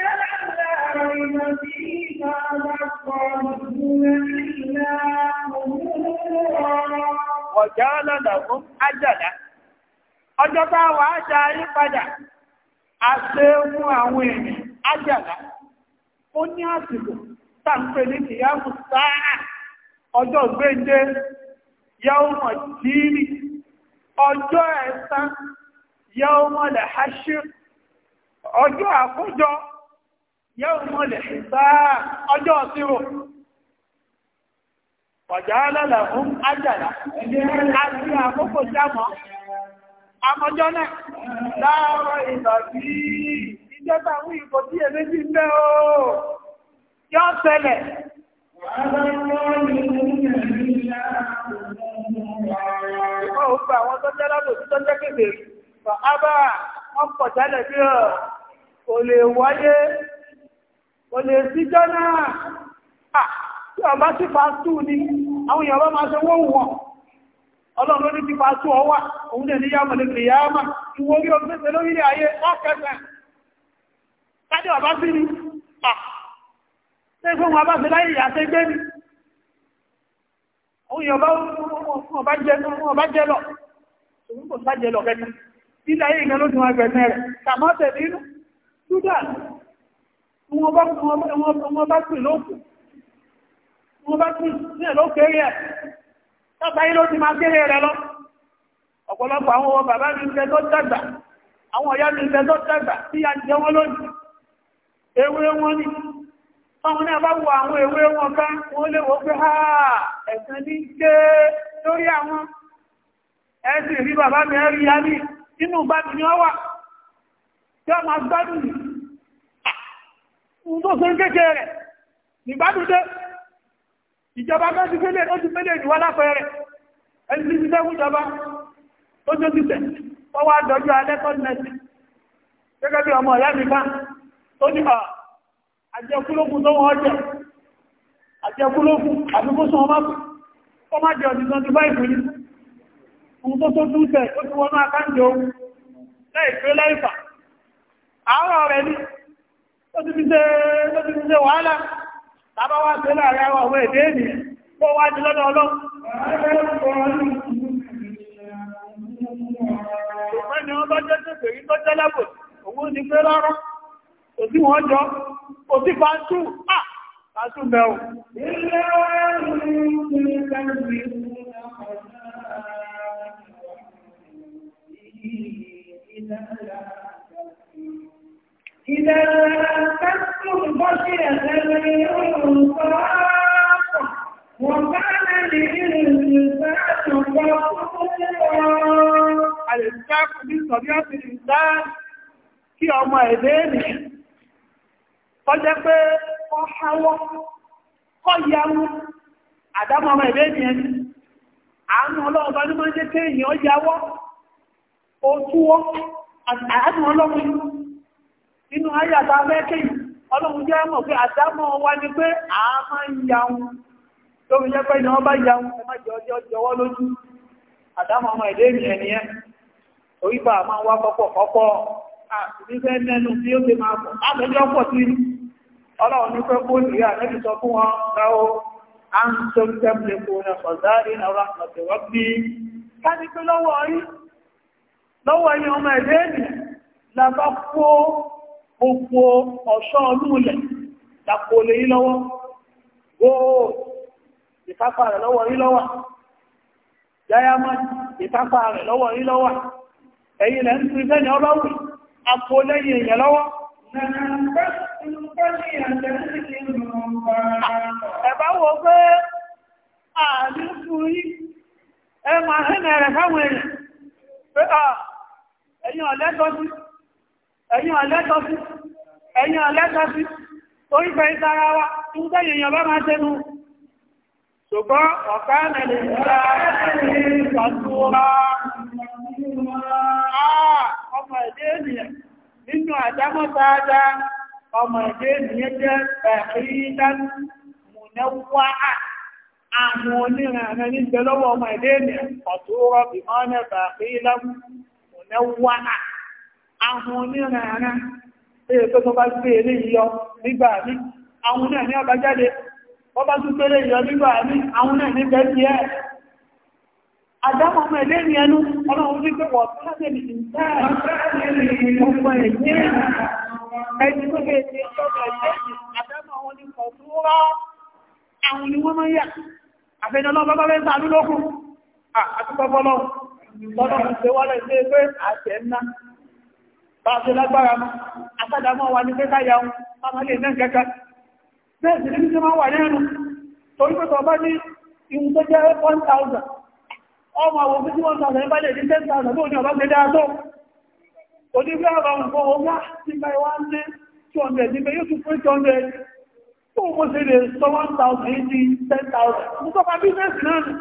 Ọjọ́ bá wà á da yín padà. A ṣe àwọn èèyàn ajàdá Ó ní àsìkò tá ń pè ní kìyàmù sáà. Ọjọ́ gbéǹde mọ̀ Ọjọ́ yọ́mọ̀lẹ̀ hashir ọjọ́ àkójọ yọ́mọ̀lẹ̀ ìsáà ọjọ́ ọ̀sírò ọ̀já fún ájàlá àti àkókò jámọ́ àmọ́jọ́ náà láàárọ̀ ìlọ̀bí ìjọba wí ìkò tí èmé sí fẹ́ o yọ́ ṣẹlẹ̀ Ọ̀pọ̀ àwọn tó jẹ́ lábò tó jẹ́ fàábà wọ́n pọ̀ jálẹ̀ bí ọ̀ kò lè wáyé kò lè síjọ́ náà tí ọba sí fàástù ni àwọn èèyàn bá máa ṣe wọ́n wọ̀n ọlọ́run ní ti fàástù ọwà òun lè níyàmọ̀ lè pè yàmà ìwò orí ọgbẹ́sẹ̀ lórí ayé ọkẹsẹ̀ kájí ọba sí ni ṣe fún wọn bá ṣe láyé ìyàṣẹ́ gbé ni òun èèyàn bá jẹ́ lọ ṣùgbọ́n kò sá jẹ́ lọ kẹta títà yìí gan ló ti wọn gbẹ̀sẹ̀ rẹ̀ tàmọ́tẹ̀ nínú sudan wọn bá pè lókù wọn bá pè ní ẹ̀ ló kéré ẹ̀ tọ́ta yìí ló ti máa kéré rẹ̀ lọ ọ̀pọ̀lọpọ̀ àwọn ọmọ bàbá mi ṣe tó dàgbà àwọn ọ̀yá mi ṣe tó dàgbà tí a jẹ wọn lónìí ewé wọn ni àwọn náà bá wo àwọn ewé wọn ká wọn lè wọ́n pé ẹ̀sìn ní ṣe lórí àwọn ẹ̀sìn rí bàbá mi yá ní inú bá mi ní ọwà tí a máa gbádùn ní tó ṣe ń kéèkéè rẹ̀ ní gbádùn dé ìjọba bá ti fẹ́lẹ̀ ó ti fẹ́lẹ̀ ìwá lápẹẹrẹ ẹni tí ṣiṣẹ́ fún ìjọba tó tó ti tẹ̀ wọ́n wá dọ́jú alẹ́kọ́ nẹ́ẹ̀sì gẹ́gẹ́ bí ọmọ ìyá mi bá tó ní ọ̀ àjẹkúlógún tó wọ́n jẹ àjẹkúlógún àbíkó ohun tó tó dúnṣẹ̀ tó tí wọ́n máa káńjẹ ohun lẹ́ẹ̀kẹ́ lẹ́ẹ̀fà àárọ̀ rẹ̀ ní ó wàhálà tàbá wá láàrin àwọn ọmọ èdè èdè tó wá di lọ́dọ̀ ọlọ́ إذا تكتب بشرة الإنصاف وكان للإنسان غفورا الإنصاف من طبيعة الإنسان kí ọmọ ẹ̀dẹ́ ènìyàn kọjẹ́ pé kọ háwọ́ kọ yáwó àdámọ́ ọmọ ẹ̀dẹ́ ènìyàn ni àánú ọlọ́ọ̀bá ní máa jẹ́ kéèyàn yáwọ́ òtúwọ́ àádùn ọlọ́run inú ayé mẹ́kẹ́ ọlọ́run jẹ́ mọ̀ pé àdámọ̀ wá ní pé a máa ń yaun tó fi jẹ́ pé ìyàn bá yaun ọmọ jọjọ jọwọ́ lójú àdámọ̀ ọmọ ìdé ènìyàn ni ẹ́ orípa máa wá kọ́pọ̀ kọ́pọ̀ àtìlífẹ́ mẹ́nu tí ó ti máa pọ̀ látọjọ́ pọ̀ sí ọlọ́run ní pé kó ìyá àtẹ́bí sọ fún wọn ráwó à ń tó ń tẹ́m̀lẹ̀ kó rẹ̀ ọ̀záàrí àwọn àmọ̀tẹ̀wọ́ bí ká ní pé lọ́wọ́ yìí lọ́wọ́ ẹni ọmọ ẹ̀dẹ́ ènì lábá kó gbogbo ọ̀ṣọ́ olúulẹ̀ lápò lè yí lọ́wọ́ gbóò ìkápá rẹ̀ lọ́wọ́ yí lọ́wọ́ diamond ìkápá rẹ̀ lọ́wọ́ yí lọ́wọ́ ẹ̀yìn lẹ́ ń fi fẹ́ni ọba wù àpò lẹ́yìn èèyàn lọ́wọ́ ẹ̀bá wo pé ààrín fún yí ẹ máa hẹ́nà rẹ̀ fáwọn èèyàn pé àà ẹ̀yìn ọ̀lẹ́tọ́sí ẹ̀yìn ọ̀lẹ́tọ́sí ẹ̀yin ìtara wa èèyàn bá máa tẹnu ṣùgbọ́n ọ̀fẹ́ mẹ́lẹ̀ ìgbà ìgbàtúwà ọmọ ọmọ ẹ̀dẹ́ ènìyàn ọmọ ẹ̀dẹ́ ènìyàn mẹ́wàá àwọn onírànà èyí tó tó bá gbé ilé yọ nígbà ní àwọn náà ní àbájáde wọ́n bá tún pẹ́lẹ̀ yọ nígbà ní àwọn náà ní bẹ́ẹ̀ tiẹ̀ àdámọ̀ ọmọ ẹ̀lẹ́ ní ẹnu ọlọ́run ní pé wọ́n tàbí ìtẹ́ ẹni tó fẹ́ tọ́lọ́run ṣe wọ́lẹ̀ sí pé àṣẹ ńlá bá ṣe lágbára mọ́ àtàdàmọ́ wà ní pẹ́ká yàun pàmàlè náà kẹ́kẹ́ bẹ́ẹ̀ sì ní máa wà nínú torí pé tọba ní ihun tó jẹ́ 1000 ọmọ àwọn òfin tí wọ́n sọ ní 10,000 tó ọba ṣe dáa tó onígbé ọ̀rọ̀ nǹkan wá ní 200 yóò tún 200 sí lè sọ 1000 10,000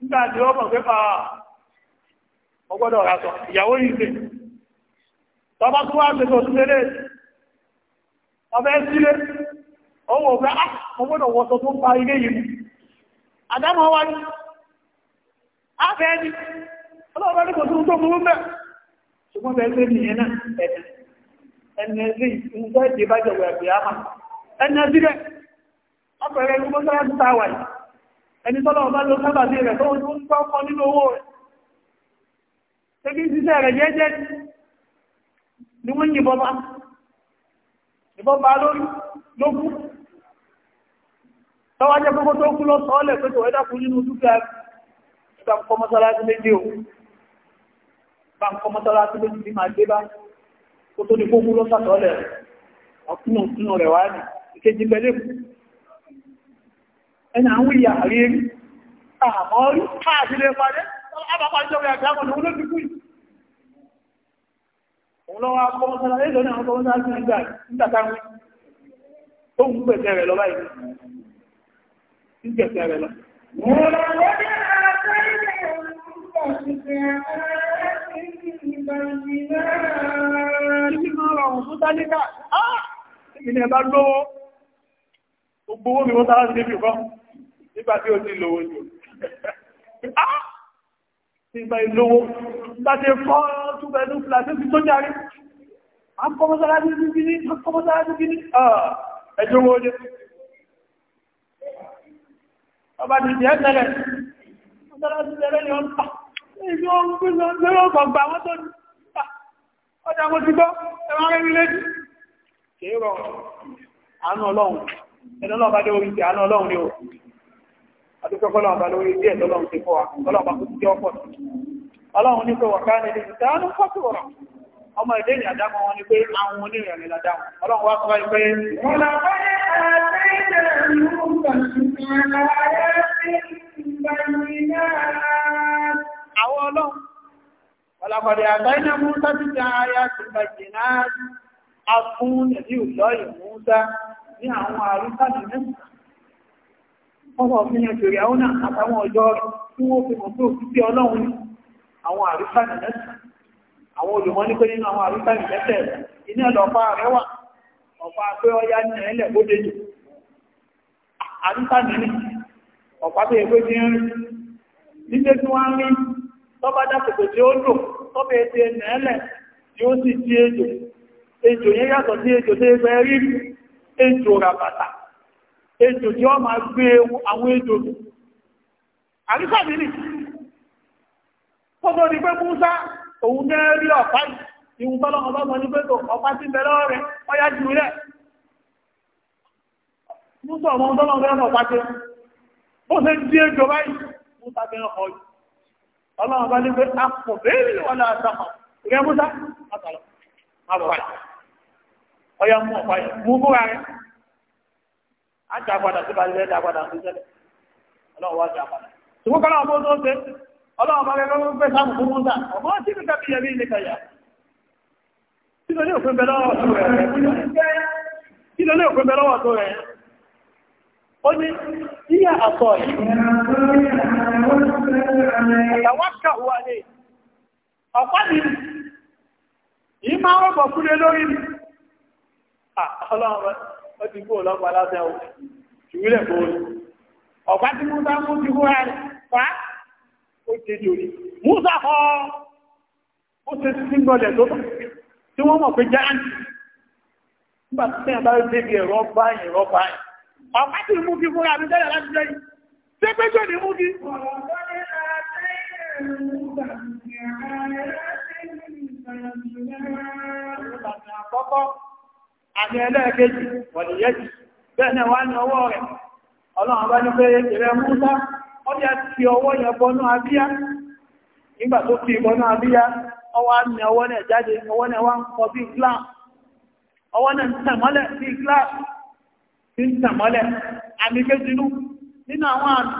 nígbà tí ó mọ̀ pé pa ah, ọgbọ́dọ̀ rásọ ìyàwó ìgbè tọba tó wá gbèsò sílẹ̀ ọbẹ̀ sílẹ̀ owó ọgbẹ́ ọgbọ́dọ̀ ah, wọ́sọ tó ń pa ilé yìí àdámọ́ wá ní àfẹ́ ní ọlọ́ọ̀bá ní kò tó burú mẹ́ ẹni tọ́lọ̀ ọba ló sábàbí rẹ̀ tó ń gbọ́ kan nínú owó rẹ̀ ṣé kí ṣiṣẹ́ rẹ̀ jẹ́jẹ́ ni wọ́n yìnbọn bá ìbọn bá lórí ló kú tọ́wọ́ jẹ́ gbogbo tó kú lọ sọ́ọ́lẹ̀ pé tòwẹ́ dákú nínú dúkìá ìgbà ń kọ́ mọ́sálásí méjì o bá ń kọ́ mọ́sálásí méjì ní máa dé bá kó tó ní kó kú lọ sàtọ́ọ̀lẹ̀ ọkùnrin rẹ̀ wá ní ìkejì pẹ̀lú ẹni àwọn ìyà rí rí àmọ́ káàkiri padẹ́ àbápa ìjọba àgbàmọ̀ ní olóòtú kú yìí òun lọ́wọ́ akọ́mọ́sára ẹ̀lọ́ ní àwọn akọ́mọ́sára sí ìgbà ìgbàtàwí tó ń pẹ̀sẹ̀ rẹ̀ lọ báyìí ń pẹ̀sẹ̀ rẹ̀ lọ Ìgbìmọ̀ ọ̀rọ̀ nígbà tí ó ti lówó jù ah! nígbà ìlówó bá ti fọ́ túbẹ̀ ní fìlàtí ti tó járí akọmọsárájú gíní akọmọsárájú gíní ah! ẹjọ́ owó jẹ́ ọba ah! ń pa èyí ó ń gbé lọ́rọ̀ ọgbà ní ọjà ti gbọ́ ẹwọ́n rẹ̀ ọlọ́run ẹ̀nà ọlọ́run bá dé orí ti àánú ọlọ́run ni ó àdúgbẹ́kọ́lọ́ ọba lórí bí ẹ̀tọ́lọ́ ti fọ́ àkọ́lọ́ọba kò jẹ́ ọ̀pọ̀ ọlọ́run ní pé wọ̀ká ní ní ìdáánú fọ́síwọ̀rọ̀ ọmọ ìdé ní àdámọ́ wọn ni pé àwọn onírìnrìn ládámọ́ ọlọ́run wá sọ pé àwọn ọlọ́run ọlọ́pàdé ti bàjì náà a fún ẹ̀bí òlọ́yìn mú ní àwọn àrúkàdì mẹ́ta ọwọ́ ọ̀fíyàn ìyàwó àwọn àtàwọn ọjọ́ tí wọ́n fi mọ̀ tó sí ọlọ́run àwọn àrífà nìlẹ́sì àwọn olùmọ́ ní pé nínú àwọn àrífà nìlẹ́sẹ̀ iná lọ́pá rẹ̀ wà ọ̀pá pé ọya ní ẹlẹ̀ bóde jù àrífà ọ̀pá pé ti ń rí nílé tí wọ́n rí dákòtò tí ó lò tí ó sì ejò tí wọ́n máa gbé àwọn ejò àrísàbìrì fọ́tọ́ ni pé Músá òun náà rí ọ̀pá ìhun tọ́lọ́mọ bá ní pé tó ọ̀pá sí bẹ̀rẹ̀ rẹ̀ ọyá jù rẹ̀ Músá ọmọ tọ́lọ́mọ ó ṣe ń dí báyìí àjà padà sí balẹ̀ ẹ̀dá padà sí sẹ́lẹ̀ ọlọ́run wá padà. ṣùgbọ́n kọ́lá ọmọ tó ṣe ọlọ́run bá gẹ́gẹ́ wọ́n fẹ́ sáàmù fún mọ́ta ọmọ tí mi kàbí yẹ̀mí ilé kàyà. kí ló ní òfin bẹ lọ́wọ́ tó rẹ̀? ó ní yíyá àtọ̀ yìí. ó ti kú ọlọ́pàá lásán o ìwílẹ̀ kò ní. ọ̀pá tí musa mú ti kú rẹ̀ fa ó ti jòlì musa kọ́ ó ti ti gbọ́dẹ̀ tó tí wọ́n mọ̀ pé jáàǹtì nígbà tí sẹ́yìn bá dé àmì ẹlẹ́ẹ̀kejì wọ̀lẹ̀yẹ́jì bẹ́ẹ̀ náà wá ní ọwọ́ rẹ̀ ọlọ́run bá ní pé ìrẹ múta ó yá ti ọwọ́ yẹn bọnú abíyá nígbà tó fi bọnú abíyá ọwọ́ àmì ọwọ́ náà jáde ọwọ́ náà wá ń kọ bí glass ọwọ́ náà ń tàmọ́lẹ̀ bí glass ti ń tàmọ́lẹ̀ àmì nínú àwọn àmì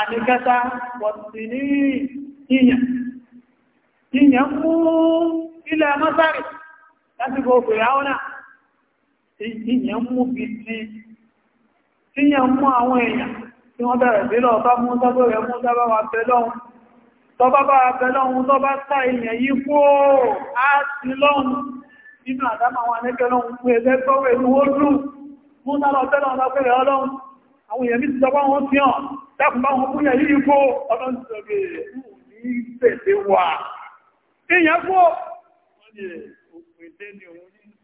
àmì kẹta ní ilẹ̀ mọ́sárì láti náà ìyẹn mú bí tí tí yẹn mú àwọn èèyàn tí wọ́n bẹ̀rẹ̀ sí lọ bá mú tọ́bọ̀ rẹ̀ mú tọ́bá wa pẹ̀lọ́un tọ́bá bá wa pẹ̀lọ́un tọ́bá sá èèyàn yí kó ó dùn mú tọ́lọ pẹ̀lọ́un lọ́pẹ̀rẹ̀ ọlọ́un àwọn èèyàn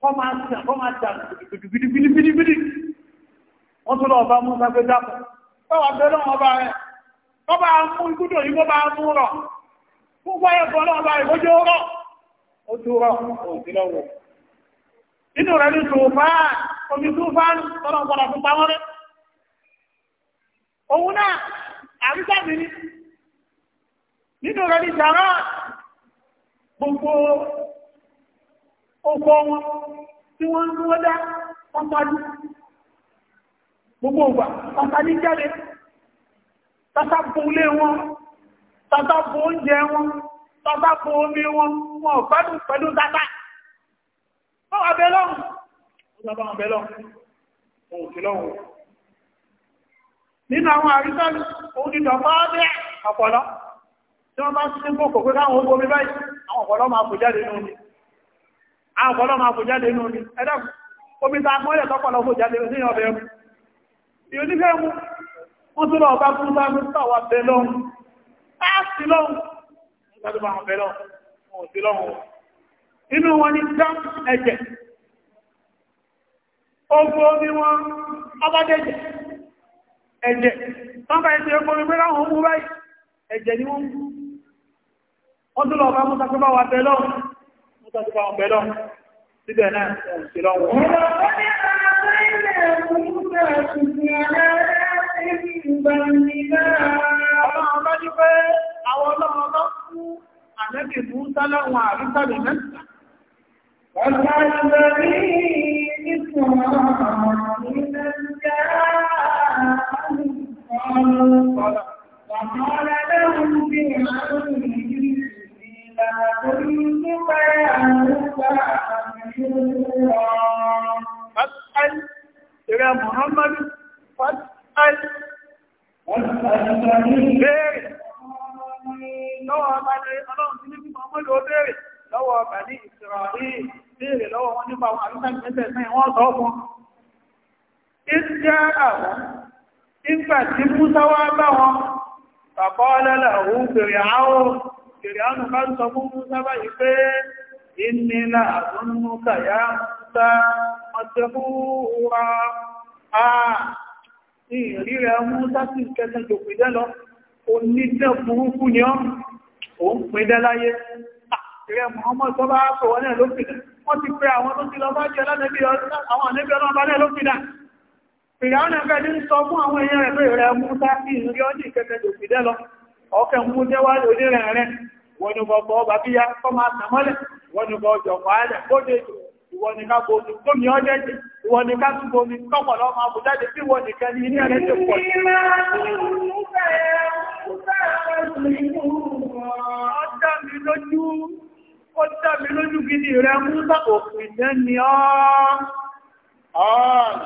kọ́ máa sàn kọ́ máa dà gidigidigidigidigidi wọ́n tún lọ́ọ́ bá mú sáfẹ́ dápọ̀ báwa bẹ́ẹ̀ lọ́wọ́ bá rẹ̀ kọ́ mú ikúdò yìí kọ́ bá mú rọ̀ fún báyẹ̀ bọ́ lọ́wọ́ rẹ̀ kójú rọ̀ ó tún rọ̀ ó sì lọ́wọ́ inú rẹ̀ ní tòfáà omi tòfáà tọ́lọ́ gbọ́dọ̀ fún pamọ́ rẹ̀ òun náà àrísàbí ni nínú rẹ̀ ní jàrá gbogbo ọkọ̀ wọn tí wọ́n ń wọ́n dá pápálú gbogbo ọgbà pàtàkì jáde tàtàkù ilé wọn tàtàkù oúnjẹ wọn tàtàkù omi wọn wọn ọ̀gbádùn pẹ̀lú tàtà wọ́n wà bẹ́ẹ̀ nínú àwọn àrísọ́lù òun ni dọ̀pá bẹ́ tí wọ́n bá sí pòkò pé káwọn ó gbomi báyìí àwọn ọ̀pọ̀lọ́ máa kò jáde lónìí àwọn ọ̀pọ̀lọ́ máa fò jáde inú omi ẹ̀dàkùn omi ta mọ́lẹ̀ tọ́pọ̀lọ́ fò jáde ní ọ̀bẹ̀ ẹ̀mù ìyò ní fẹ́ mú wọ́n tó lọ bá fún sáàmù tàwà bẹ̀lọ́hun inú wọn ni dán ẹ̀jẹ̀ ogun omi wọn ọbádẹ́jẹ̀ ẹ̀jẹ̀ tán bá ẹ̀sẹ̀ ogun omi pé láwọn mú báyìí ẹ̀jẹ̀ ni wọ́n mú wọ́n tó lọ bá mú sáàmù tàwà bẹ̀lọ́hun Wọ́n ti bá wọn bẹ̀rọ síbẹ̀ náà wọ́n sí lọ́wọ́. Ọlọ́run bá ní Fásitì, ìrẹ Mùhammadu, fásitì, béèrè, lọ́wọ́ ọba ní ọlọ́run tí ní fún Mùhammadu ó béèrè, lọ́wọ́ ọba ní ìsìnràrí, béèrè lọ́wọ́ wọn nípa àwọn àrúkàtí mẹ́tẹ̀ẹ́ sẹ́yìn wọ́n sọ fún. Ìjá àwọn, ìgbà tí Músa wá bá wọn, bàbá ọlọ́lọ́ Fìrìánù bá ń sọ fún Musa báyìí pé, "Ìnìlà àtúnnú kàyà Musa, ọ̀tẹ̀ fún wa, a ní ìrírẹ̀ Musa sí kẹta jòpìdẹ́ lọ, onídẹ́ burúkú ni ọ́, òun pìdẹ́ láyé. Ìrẹ́ Muhammad sọ bá pẹ̀ wọ́n náà ló pìdẹ́. Wọ́n ti pẹ àwọn tó ti lọ bá jẹ́ lánàbí ọlọ́run ló pìdẹ́. Fìrìánù ẹgbẹ́ ní sọ fún àwọn ọkẹ̀ mú jẹ́wàá onírẹ̀ rẹ̀ wọ́n ni bọ̀ bọ̀ bàbí ya kọ́ máa tàmọ́lẹ̀ wọ́n ni bọ̀ jọ̀ pàálẹ̀ kóde ìwọ̀n ni ká bòmí tó mi ọjẹ́ jẹ́ ìwọ̀n ni ká tún bòmí tọ́pọ̀lọ́ máa bù jáde sí ìwọ̀n nìkan ní ilé ẹ̀rẹ́ tó pọ̀ ọjọ́ mi lójú ọjọ́ mi lójú gidi rẹ̀ mú sọ́pọ̀ òfin ni ọ́ ọ̀rọ̀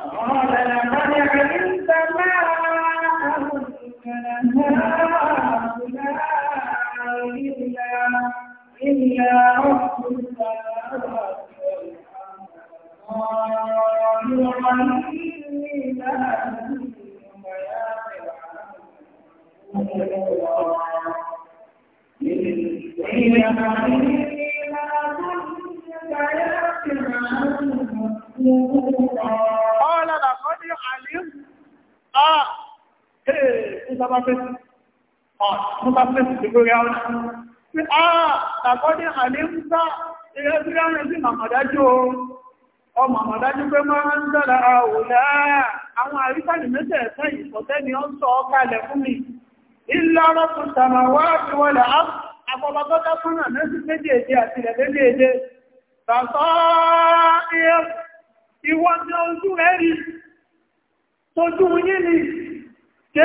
إلا رب السماوات والأرض وإني لا قال لقد علمت آه إيه إذا ما فهمت آه ما فهمت تقول يا pé àà àkọ́dé ilẹ̀ tí a rìn sí màmàdájú o màmàdájú pé máa ń dára àwòlá àwọn àríkàlì mẹ́tẹ̀ẹ̀ta ìfọ̀tẹ́ ni ó sọ kalẹ̀ fún mi ilẹ̀ ọlọ́pùn tàmàwà ti wọlẹ̀ àpọ̀bàtọ́ta fúnnà mẹ́sí méjèèjì àti ilẹ̀ méjèèjì tàtọ́ ìwọ́n ni ojú rẹ̀ rí tójú yìí ni pé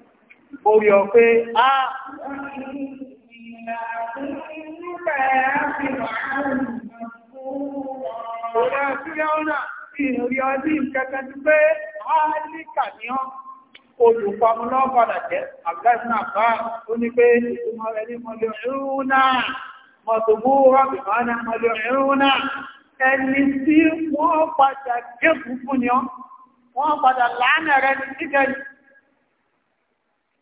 ó rí ọ pé á Òrẹ́ ọ̀sílẹ̀ ọ̀nà tí ìrí ọdí ìkẹta ti pé á ní kàníọ́ olùpamọ́ náà padà jẹ́ àgbẹ́sìn àbá ó ní pé ìtumọ̀ rẹ̀ ní mọ̀lẹ̀ ìrún náà mọ̀tòmú rábìmọ́nà mọ̀lẹ̀ ìrún náà ẹni tí wọ́n padà gẹ́gùn fún ni wọ́n padà láánà rẹ̀ ní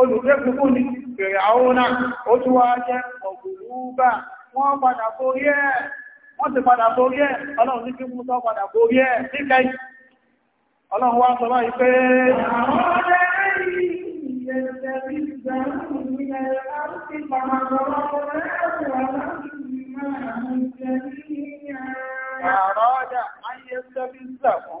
olùdẹ́kùnkù ní bẹ̀rẹ̀ àwọn náà jẹ́ ọ̀gbùnrúgbà wọ́n padà borí ẹ̀ wọ́n ti padà borí ẹ̀ ọlọ́run ní kí mú sọ padà borí ẹ̀ níkẹyìn ọlọ́run wá sọ báyìí pé Àrọ́dà ayé sẹ́bí sẹ́fún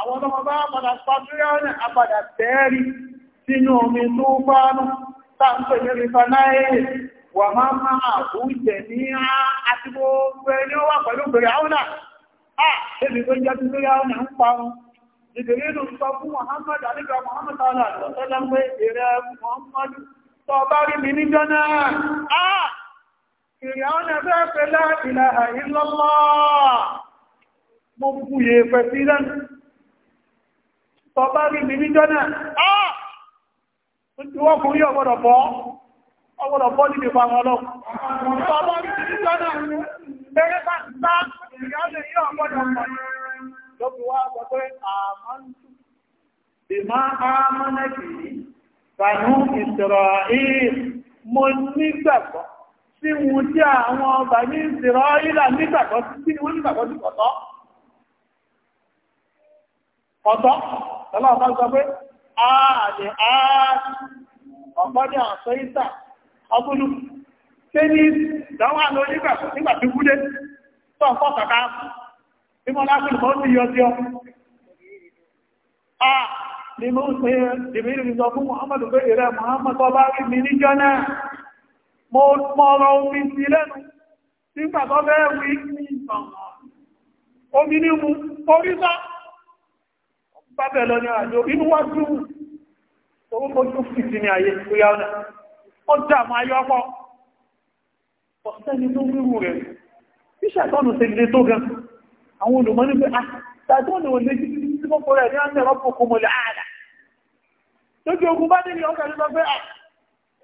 àwọn ọmọ bá padà pàtíríọ́nì apadà tẹ́ẹ̀rí sínú omi tó bánú táǹpẹ̀ ní rífà náà wà máa máa oúnjẹ ní àti gbogbo ó wà pẹ̀lú tó jẹ́ pẹ̀lú àwọn ń parun nítorí inú sọ fún Muhammad ala pé èrè bá rí mi ní jọ́nà ìrìn pẹ̀lá ọba rí mi níjọ́ náà áà ah! ìwọ́n kò rí ọgbọ́dọ̀ bọ́ ọgbọ́dọ̀ bọ́ níbi pàwọn ọlọ́run ọba rí mi níjọ́ náà bẹ̀rẹ̀ bá ń bá ìrìnàlẹ̀ yí ọgbọ́dọ̀ bọ́ lọ́pù wá sọ pé àmọ́ntù ìmá ámọ́nẹ́kì bànú ìsọ̀rọ̀ ìrì mo nígbàgbọ́ sí wọn tí àwọn bàní ìsọ̀rọ̀ ìlà nígbàgbọ́ sí wọn nígbàgbọ́ sí ọ̀tọ̀ tọ́lọ́ ọ̀tọ́ sọ pé ààdì ààdì ọ̀pọ̀dé àṣọ ìsà ọbúlù ṣé ní ìdánwà ló nígbà tí kúdé tó ń pọ̀ kàkà bí mo lásìkò mọ́ sí yọ sí ọ. a ni mo ń pe jìbìrì sọ fún muhammadu pé ìrẹ́ muhammadu ọba rí mi níjọ́ náà mo mọ̀rọ̀ omi sí lẹ́nu nígbà tó fẹ́ ní ìtàn omi bábẹ̀ lọ ní àjò inú wá dúró òun mojú fìtì ní ayé ìgbóyá ọ̀nà ó dàmú ayé ọpọ̀ ọ̀sẹ́ni tó wíwú rẹ̀ bí ṣàtọ́nù sí ilé tó gan àwọn olùmọ́ ní pé ah, àtàtọ́nù olè tí ó kọ́ rẹ̀ ní àti ẹ̀rọ pọ̀kọ́ mọ̀lẹ̀ ààdà lójú ogun bá nílé ọkà ló lọ́gbẹ́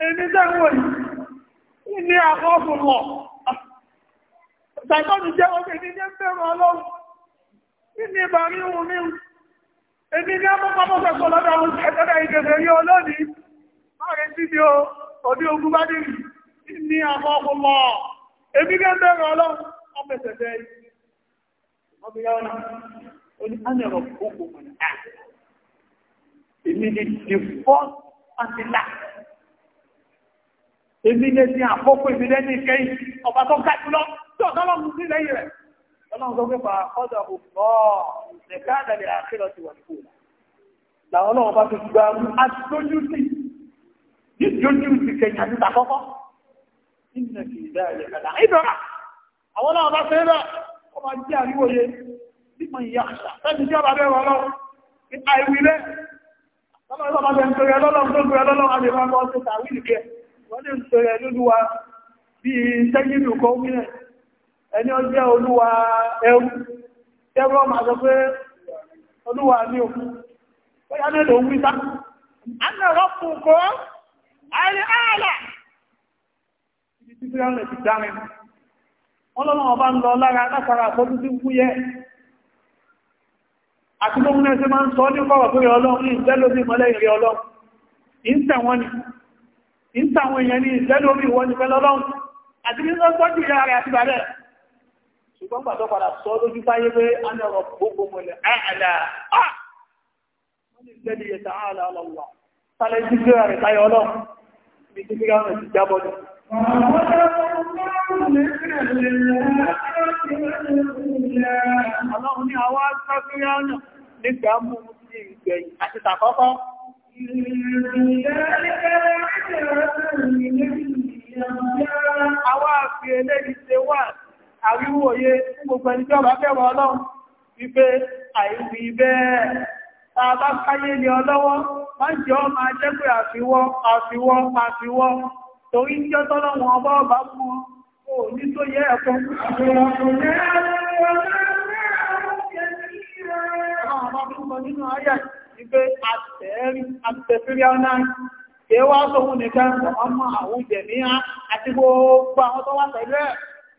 ẹni dẹ́rùn òní ní àwọn ọkùn lọ ṣàtọ́nù jẹ́ ọkẹ́ ní ní ẹgbẹ́rún ọlọ́run ní ní ìbàrí òun ní èmi ní àpọ́pọ́pọ́sọ̀pọ̀ lọ́dọ̀ àwọn ẹ̀tọ́dẹ̀ ìgbẹ̀fẹ̀ rí olóòdì máa rẹ̀ sí bí o òdí ogun bá dìrì ní àmọ́ ọmọ èmi ní ẹgbẹ̀rẹ̀ ọlọ́run ọmọ̀ẹ̀sẹ̀fẹ̀ Èmi lè ní àkókò ìbílẹ̀ ní ìkẹyìn ọba tó kájú lọ tí ọ̀sán lọ́mù sí lẹ́yìn rẹ̀. Ọlọ́run tó gbé pàá ọjọ́ òfin náà nìkan àdàlẹ̀ àkírọ̀ ti wà ní kòlà làwọn náà bá fi gba aṣojú sí ìjójú ti kẹyìn àti tàkọ́kọ́ nínú kì í dáàlẹ̀ kàdà ìdọ́ra àwọn náà bá fẹ́ bẹ́ẹ̀ wọ́n máa jẹ́ àríwòye nípa ìyá àṣà tẹ́gbọ́n máa sọ pé olúwa ní o bóyá náà lòun wíta àmì rọ́pù kọ́ àìrí ààlà ibi tí fíra lè ti dárin ọba ń lọ lára látara sí àti múnẹ́ sí máa ń sọ ní pé ọlọ́run ìjẹ́lómi mọ́lẹ́ ìrẹ́ ọlọ́run ṣùgbọ́n gbàtọ́ padà sọ lójú báyé pé a ní ọ̀rọ̀ gbogbo mọ̀lẹ̀ àìlà à wọ́n ní ìgbẹ́ni ẹ̀ta àìlà ọlọ́wà sálẹ̀ sí gbé rẹ̀ táyọ̀ ọlọ́run ní ti gbé rẹ̀ ti jábọ́ ní àwa àfi eléyìí ṣe wà àríwòye gbogbo ẹni tí ọba kẹwà ọlọ́run wípé àìwì bẹ́ẹ̀ tàbá káyé ní ọlọ́wọ́ má jẹ́ ọ máa àfiwọ́ àfiwọ́ àfiwọ́ torí jẹ́ tọ́lọ́wọ́n ọba ọba fún ọ ní tó yẹ ẹ̀kún Kèé wá sóhun nìkan, ọmọ àwọn ìjẹ̀mí á àti gbogbo àwọn tó wá pẹ̀lú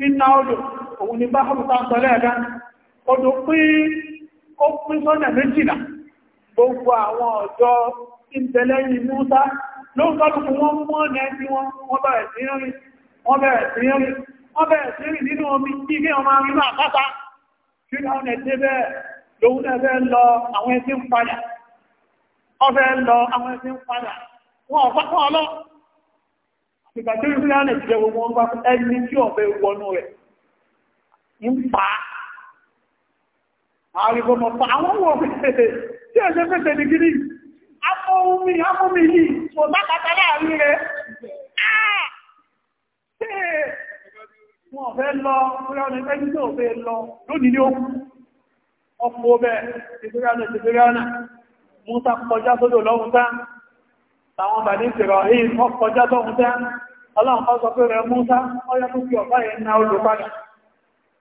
iná odò òun ni bá ọmọ tàbí ẹ̀dá odò pín ó pín sọ́nà méjìlá gbogbo àwọn ọ̀dọ́ ìbẹ̀lẹ́yìn múta ló ń wọn ọ̀nà wọn wọ́n bẹ̀rẹ̀ sí wọ́n bẹ̀rẹ̀ sí omi kí ìgbà tó rí ránà jẹ gbogbo wọn bá fún ẹni tí ọ̀fẹ́ wọnú rẹ̀ ń pa àrígbọmọ̀ pa àwọn wọ̀ pẹ̀lẹ̀ tí ẹ̀ṣẹ́ pẹ̀lẹ̀ ní gírí afọ́omi afọ́omi yìí tó dákàtà láàrin rẹ̀ wọ́n fẹ́ lọ fúra ọ̀nà ìfẹ́ títọ́ fẹ́ lọ lónìí ní òkú ọkọ̀ ọbẹ̀ ìfẹ́ránà ìfẹ́ránà mú tàwọn bàdí ìṣẹ̀rọ̀ yìí wọ́n tó ń tẹ́ ọlọ́run kọ́ sọ pé rẹ̀ mú sá ọyá tó fi ọ̀pá yẹn na odò padà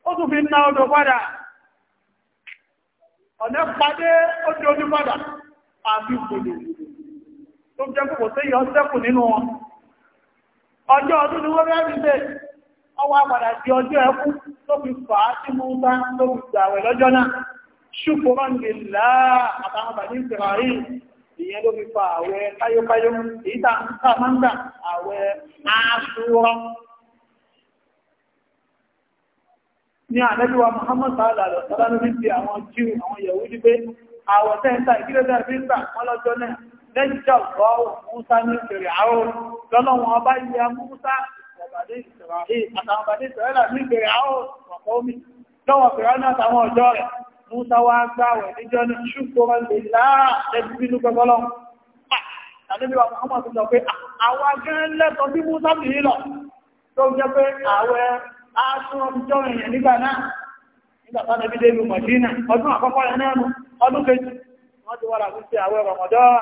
ó tún fi na odò padà ọ̀nẹ́ padé ojú padà tó jẹ́ yọ sẹ́kù nínú wọn ọjọ́ ọdún ni wọ́n ìyẹn ló fi fa àwẹ̀ káyókáyó èyí tá a máa ń gbà àwẹ̀ aṣúrọ́ ní àlẹ́lúwà Muhammad sàálà lọ́sọ́lá ló fi fi àwọn jíù àwọn yẹ̀wú jí pé àwọ̀ tẹ́ǹtà ìkílẹ̀dẹ̀ fi ń gbà wọ́n lọ́jọ́ náà lẹ́jọ́ lọ́wọ́ Musa ní ìfèrè àárò lọ́lọ́wọ́n ọba ìyá Musa ọ̀bàdé ìsìràhì àtàwọn ọ̀bàdé ìsìràhì Musa wá gbáwẹ̀ níjọ́ ní ṣùgbọ́n lè láà lẹ́bí bínú pẹ̀lọ́lọ́. Ah, àdébí wa Muhammad sọ pé ah, àwọn agẹ́rẹ́ lẹ́tọ̀ sí Musa bì í lọ. Tó jẹ́ pé ààwẹ̀ aṣọ ọjọ́ èèyàn nígbà náà. Nígbà tá lẹ́bí dé ìlú Mọ̀dínà, ọdún àkọ́kọ́ yẹn náà nù, ọdún kejì. Wọ́n ti wọ́n làkúnṣe àwẹ̀ Ramadan.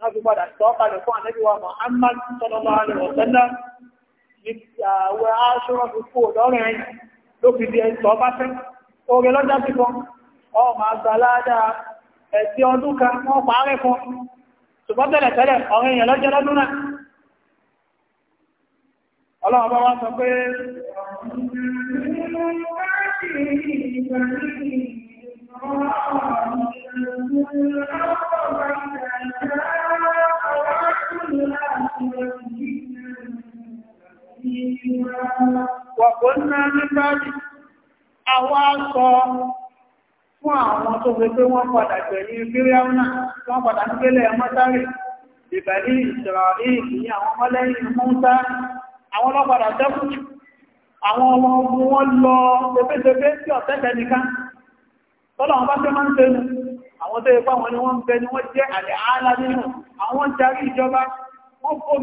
Wọ́n fi padà sọ kalẹ̀ fún àdébí wa Muhammad sallallahu alaihi wasallam. Àwẹ̀ aṣọ ọdún kú òdọ́rin ló fi di ẹ̀ ọmọ àgbàládà ẹ̀sí ọdún kan wọ́n pàárẹ̀ fún ṣùgbọ́n tẹ́lẹ̀ tẹ́lẹ̀ ọ̀rẹ́ èèyàn lọ́jẹ́ lọ́dún náà ọlọ́run bá wá sọ pé Wọ̀kún náà ní àwọn aṣọ fún àwọn tó fẹ́ pé wọ́n padà gbẹ̀yìn fíríáúnà wọ́n padà ń gbélé mọ́sárì ìbẹ̀lí ìṣẹ̀rọ̀rí ìyí àwọn ọmọlẹ́yìn mọ́sá àwọn ọlọ́padà tẹ́kù àwọn ọmọ ogun wọn lọ pépépépé sí ọ̀tẹ́tẹ́ nìkan tọ́lọ̀ wọn bá fẹ́ máa ń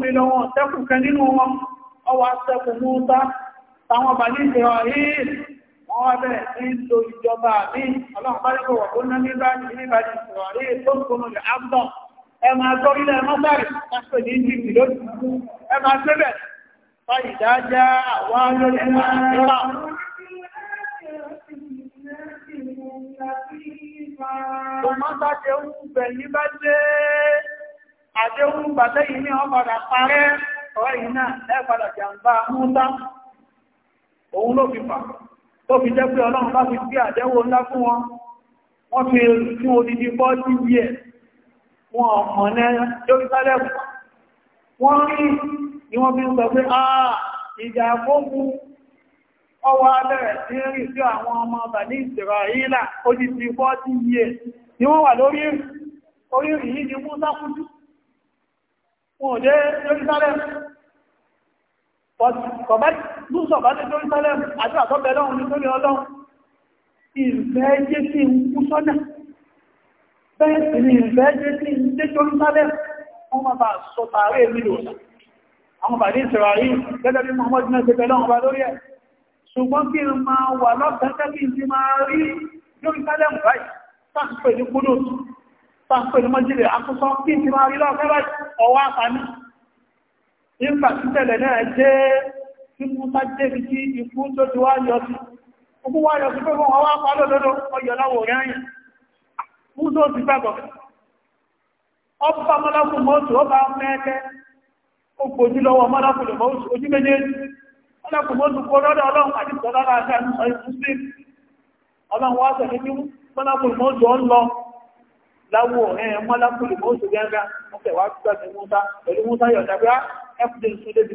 nínú wọn tẹ́kù kan nínú wọn ọwọ́ atẹ́kù mọ́sá táwọn bàlí wọ́n wá bẹ̀rẹ̀ sí ìjọba mi ọlọ́run bá lẹ́kọ̀ọ́ wọ̀ fún sọ̀rọ̀ tó ń kunu lè ábùdọ̀ ẹ mọ́sàrì pásítọ̀ ní ìjìnlẹ̀ ìdájá àwa tó fi jẹ́ pé ọlọ́run bá fi gbé àdẹ́wò ńlá fún wọn wọ́n fi fún odidi bọ́ọ̀tí yẹ wọn ọmọ náà Jerusalem wọ́n rí ni wọ́n fi ń sọ pé àà ah, ìjà àkókù ọwọ́ abẹ́rẹ̀ sí rí sí àwọn ọmọ bàní Ísírẹ́lì odidi bọ́ọ̀tí yẹ ni wọ́n wà lórí orí yìí ni mú sákújú wọn dé Jerusalem lóòsọ̀ bá ní torí sọ́lẹ̀ àti àtọ́bẹ̀ lọ́run nítorí ọlọ́run ìfẹ́ jẹ́ sí ikú sọ́nà bẹ́ẹ̀ sì ni ìfẹ́ jẹ́ sí ilé torí sọ́lẹ̀ wọ́n máa bá sọ tààrẹ Muhammad náà ṣe pẹ̀lú ọba lórí ẹ̀ ṣùgbọ́n kí n máa wà lọ́sẹ̀ẹ́sẹ́ kí n ti máa rí lórí sálẹ̀ báyìí sáàpẹ̀ ní kúrò sáàpẹ̀ ní mọ́jílẹ̀ akúsọ́ kí n ti máa rí lọ́sẹ̀ báyìí ọwọ́ àpá ní ìgbà náà jẹ́ tí Musa débi tí ikú tó ti wá yọ sí ogún wá yọ sí pé wọ́n wá pa lọ́dọ́dọ́ ọyọ̀ láwọ̀ rẹ́yìn Musa ó ti gbàgbọ́ ọba mọ́lákù mọ́tò ọba mẹ́ẹ̀kẹ́ ó gbòjú lọ́wọ́ mọ́lákù mọ́tò ojú méjèèjì mọ́lákù mọ́tò kó lọ́dọ̀ ọlọ́run àti ìtọ́lára àti àmìsọ ìfúsí ọlọ́run wá sọ nínú mọ́lákù mọ́tò ń lọ láwọ ẹ̀ mọ́lákù mọ́tò gẹ́gẹ́ wọ́n fẹ̀ wá gbàgbé Musa pẹ̀lú Musa yọ̀dá pé á ẹ̀kùnrin sún débi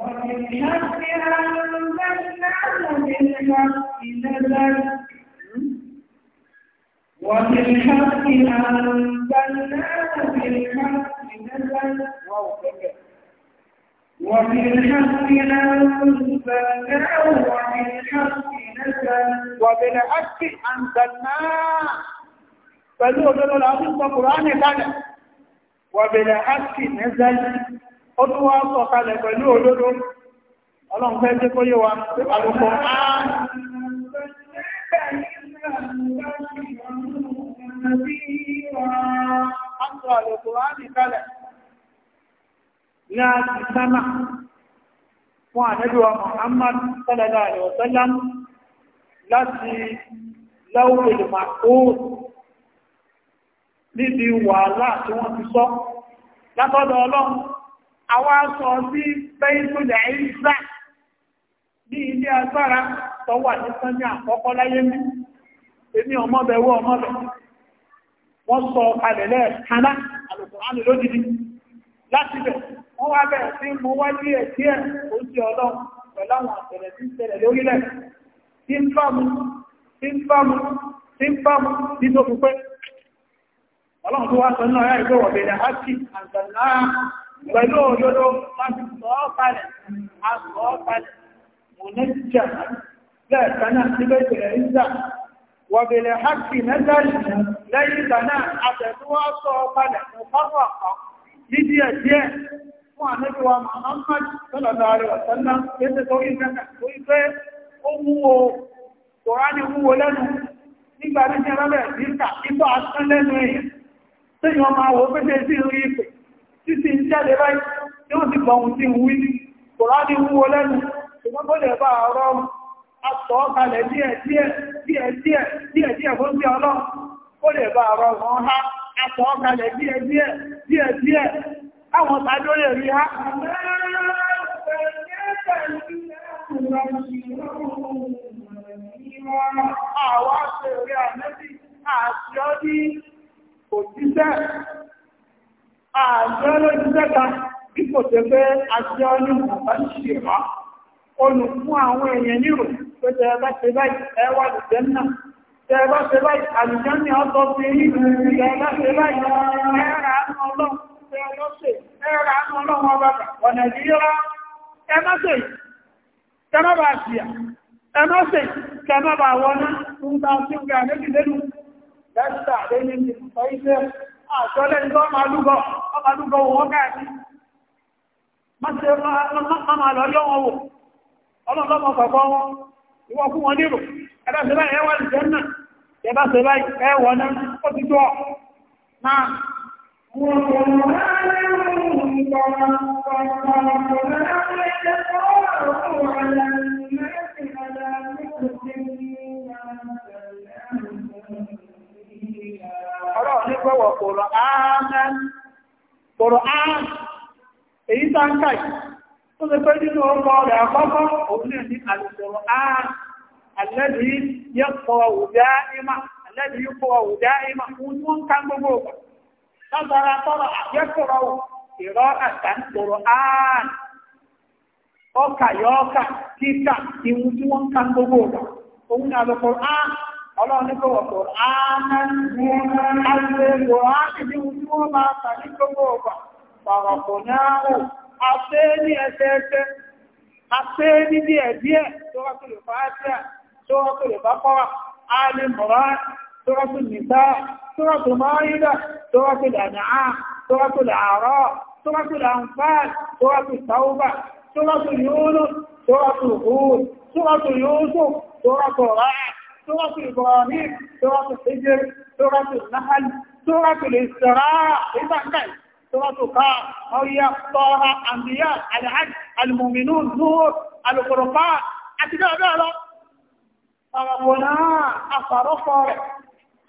ومن حق بالحق نزل وبالحق أنزلناه ومن حق وبالحق أنزلناه وبالحق نزل وبالحق أنزلناه فلو قالوا العظيم القرآن كذا وبالحق نزل ó tún wá sọ kalẹ̀ pẹ̀lú òdodo ọlọ́run fẹ́ jẹ́ kó yé wa pé àlùkò áá Aṣọ àlòkò á ní kalẹ̀ láti sánà fún Muhammad sallallahu alaihi wasallam láti láwùlè màkó níbi wàhálà tí wọ́n ti sọ látọ́dọ̀ ọlọ́run àwọn aṣọ sí bẹ́ẹ̀kùnlẹ̀ ìgbà ní ilé agbára tó wà ní sánmí àkọ́kọ́ láyé mú èmi ọmọbẹ̀wọ́ ọmọbẹ̀ wọ́n sọ kalẹ̀lẹ̀ kaná alùkùnránù lójìdí láti bẹ̀ wọ́n wá bẹ̀rẹ̀ sí mú wá díẹ̀ díẹ̀ ó sí ọlọ́run pẹ̀lú àwọn àtẹ̀rẹ̀ tí ń ṣẹlẹ̀ lórílẹ̀ pẹ̀lú òyòdó láti sọ́ọ́pàlẹ̀ asọ́ọ́pàlẹ̀ mọ̀nẹ́jà lẹ́ẹ̀kaná síbẹ̀ ìpìlẹ̀ ìjà wọ̀bẹ̀lẹ̀ hàkì mẹ́tàlì lẹ́yìn ìdáná àtẹ̀túwọ́ sọ́ọ́pàlẹ̀ mọ̀ fọ́fọ́ àkọ́ ní díẹ̀ díẹ̀ fún ànẹ́bíwa Muhammad sallallahu alaihi wasallam kéde tó yí kẹta tó yí pé ó wúwo kòránì wúwo lẹ́nu nígbà lẹ́nu èèyàn jáde báyìí tí ó sì bọ̀hùn sí wí kòránì wúwo lẹ́nu ṣùgbọ́n tó lè bá ààrẹ olójúmẹ́ta bí kò tẹ́ pé aṣẹ́ ọ́nà bàbá ṣe wá olùkún àwọn èèyàn nírò pé tẹ́ bá ṣe báyìí ẹwà náà tẹ́ bá ṣe báyìí ní ọ̀tọ̀ sí tẹ́ bá ṣe báyìí ẹ àtọ́lẹ́ ní ọmọ alúgọ́ ọmọ alúgọ́ wọn káàkiri má ṣe máa lọ yọ́ wọn wò ọlọ́lọ́mọ kọ̀kọ́ wọn ìwọ wọn nírò ẹ̀bá ṣe báyìí ẹwà náà ó ti tọ́ pé kòrò ámẹ́n kòrò ámẹ́n èyí táǹkà tó ti pé nínú ọkọ̀ rẹ̀ àkọ́kọ́ òun ní àlùkòrò ámẹ́n ọkà kíkà ìwú tí wọ́n ká gbogbo ọ̀pọ̀ òun náà lọ́kọ̀rọ̀ áàn Ọlọ́run ní kò wọ̀pọ̀ ààrẹ́gbò áàrẹ́gbò tí wọ́n máa tà ní gbogbo ọgbà, pàrọ̀pọ̀ ní ààrùn, àṣẹ́ ní ẹsẹ́ẹsẹ́, àṣẹ́ ní díẹ̀ díẹ̀ tó rọ́kùnlù bá áṣẹ́ tó rọ́kùnlù bá pọ́wà, áàrẹ́ mọ̀rá, tó rọ́kùn nìta, tó rọ́kùn mọ́rídà, tó rọ́kùn àdáà, tó rọ́kùn àárọ̀, tó rọ́kùn àǹfààl, tó rọ́kùn tàúbà, tó rọ́kùn yóò سورة إبراهيم سورة الحجر سورة النحل سورة الإسراء إذا كان سورة قاف مريم طه أنبياء العدل المؤمنون نور القرقاء أتجاه بأله فرقنا أفرقر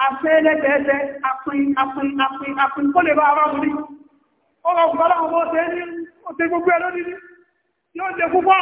afẹ́lẹ́gbẹ̀ẹ́sẹ̀ apin apin apin apin kó lè bá ara mú ní ọ̀rọ̀ ọ̀gbọ́n ọmọ ọ̀sẹ̀ ní ọ̀sẹ̀ gbogbo ẹ̀ lónìí yóò jẹ púpọ̀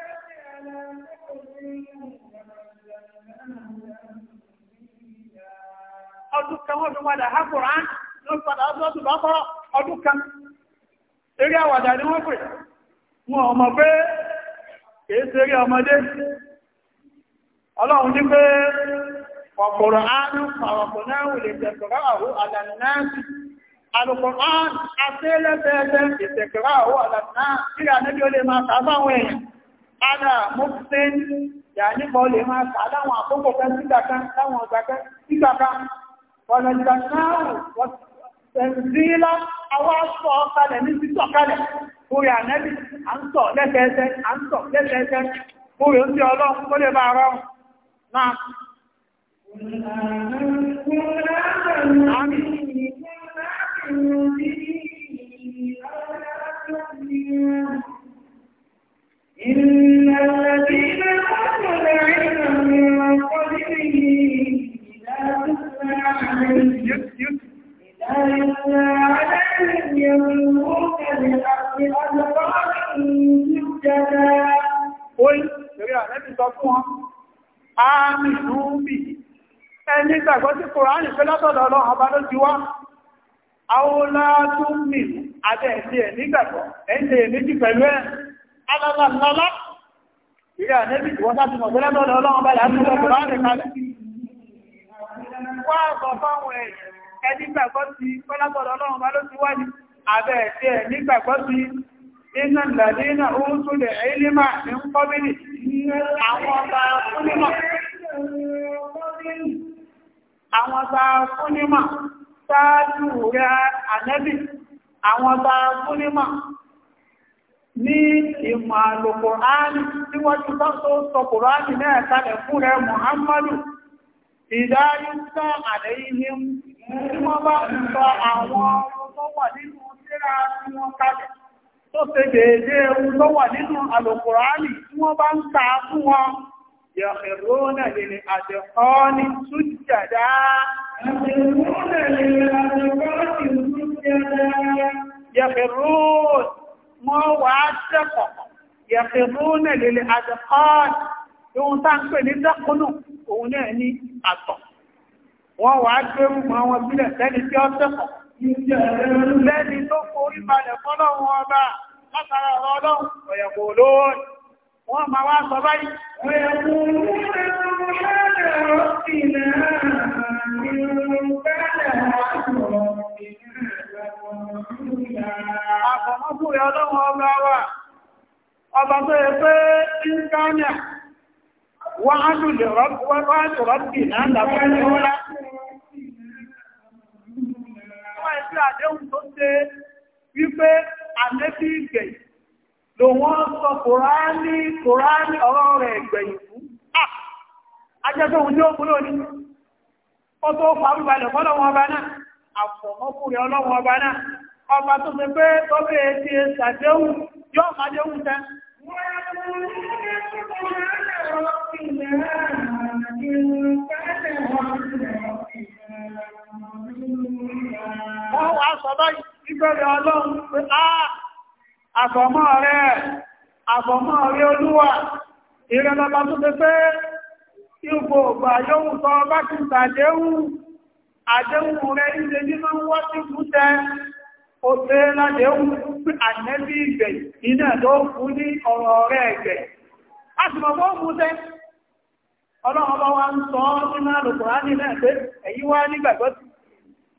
ọdụkan kan wọ́n fi padà hákùnrán ló padà ọdún bọ́kọ́rọ̀ ọdún kan eré àwàdà ni wọ́n pè wọn ọmọ pé kìí ṣe eré ọmọdé ọlọ́run ní pé ọ̀pọ̀rọ̀ ánú pàwọ̀pọ̀ náà wù lè tẹ̀kọ̀rọ̀ àwọ̀ àlànàáàtì alùpùpán àtẹ́lẹ́fẹ́ẹ́fẹ́ kan ọ̀nàjànáàrù tẹ̀sílá àwọn aṣọ ọ̀kalẹ̀ ní Ìrìn ألفنا عليهم يمنون بالحق أدبارهم سجدا قل يا نبي صفوها آمنوا به ẹni ìgbàgbọ́ tí kòránì fẹ́ látọ̀dọ̀ ọlọ́run ọba ló ti wá aolátúnmì abẹ́ ẹ̀sí ẹ̀ nígbàgbọ́ ẹ̀sẹ̀ méjì pẹ̀lú ẹ̀ alálàlálá ìrẹ́ ànẹ́bì tí wọ́n sáti mọ̀ fẹ́ látọ̀dọ̀ ọlọ́run ọba làásùgbọ́ kòránì kalẹ̀ wá àgbọ̀ fáwọn ẹni gbàgbọ́ ti iná oún lè ní ọba àwọn ọba fúnnímọ̀ sáájú rẹ̀ ànẹ́bì àwọn ọba fúnnímọ̀ ní ìmọ̀ àlòkò áàrùn tí wọ́n ti tọ́ tó áàrùn náà sálẹ̀ fún rẹ̀ Muhammadu ìdáyí tí wọ́n bá ń sọ àwọn ọmọ tó wà nínú síra tí wọ́n kalẹ̀ tó ṣe déédé ewu tó wà nínú alùkùránì tí wọ́n bá ń ta fún wọn yẹ̀kẹ̀rọ́nà lè àjẹ̀kọ́ni sújàdá yẹ̀kẹ̀rọ́nà wọ́n wà á ṣẹ́kọ̀ yẹ̀kẹ̀rọ́nà lè àjẹ̀kọ́ni tí wọ́n tá wọ́n wà á gbé rúmọ̀ àwọn sílẹ̀ lẹ́ni tí ó tẹ́kọ̀ lẹ́ni tó forí balẹ̀ fọ́lọ́run ọba látara ọ̀rọ̀ ọlọ́run ọ̀yẹ̀kọ̀ olóòrùn wọ́n máa wá sọ báyìí Àfọ̀mọ́bùrẹ̀ ọlọ́run ọba wa, ọba tó yẹ pé Ìkáníà, wọ́n á lùlẹ̀ rọ́bì náà lábẹ́ ìrọ́lá pé àdéhùn tó ṣe wípé ànẹ́bí ìgbẹ̀ ló wọ́n sọ kòránì kòránì ọ̀rọ̀ rẹ̀ ìgbẹ̀yìn fún ajẹ́gbẹ̀hùn ní òkúrò ní ó tó fàrúbalẹ̀ ọba náà ọba náà ọba tó wà sọ báyìí ìgbẹ̀rẹ̀ ọlọ́run pé áà àfọ̀mọ́ rẹ̀ àfọ̀mọ́ rẹ̀ olúwa ìrẹ́lọ́lá tó fẹ́ pé ìgbò yóò sọ bá ti sàdéhùn àdéhùn rẹ̀ ilé nínú wọ́n ti fúnṣẹ́ ó tẹ́ ìgbẹ̀ ọlọ́run ń sọ nínú náà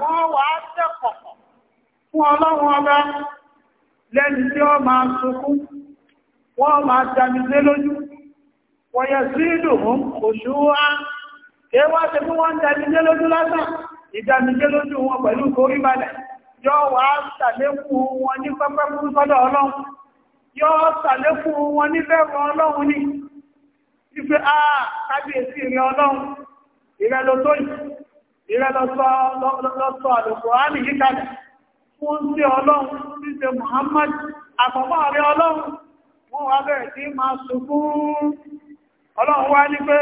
Wọ́n wà á tẹ́kọ̀ fún ọlọ́run ọba lẹ́ni tí ó máa sunkún, wọ́n máa jàmìlé lójú, wọ́n yẹ sí ìdùnmú, òṣùwá, kéwà ti fún wọ́n jàmìlé lójú lásán, ìjàmìlé lójú wọn pẹ̀lú kórí balẹ̀, yọ́ wà á sàlékún wọn ní pẹ́pẹ́ fún sọ́dọ̀ ọlọ́run, yọ́ sàlékún wọn ní bẹ́ẹ̀rọ ọlọ́run ní, ìfẹ́ àà kábíyèsí ìrìn ọlọ́run, ìrẹ́lótóyìí, ìrẹ́ lọ́sọ́ àlùkùránì yíkàlẹ̀ fún sí ọlọ́run tí ṣe Muhammad àpọ̀pọ̀ àrí ọlọ́run wọ́n wá bẹ̀rẹ̀ sí máa sùkún ọlọ́run wá ní pé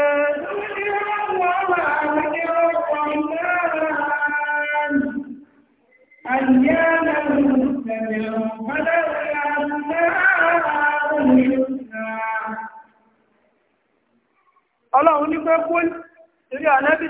Ọlọ́run ní pé kú ilé ànẹ́bìtì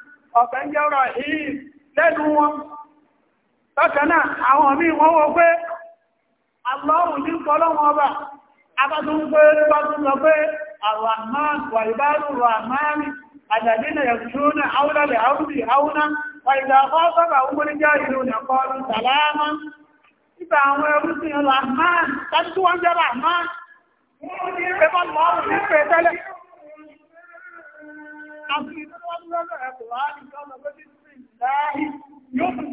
ọ̀fẹ́ ń jẹ́ ọ̀rọ̀ yìí lẹ́nu wọn lọ́kànnà àwọn míì wọ́n wọ́n pé alọ́rùn ní kọlọ́wọ́n ọba abátún pé bátún lọ pé arahman wà ìbárù rahmani àjàdínà yàtúnà Yóò tún fi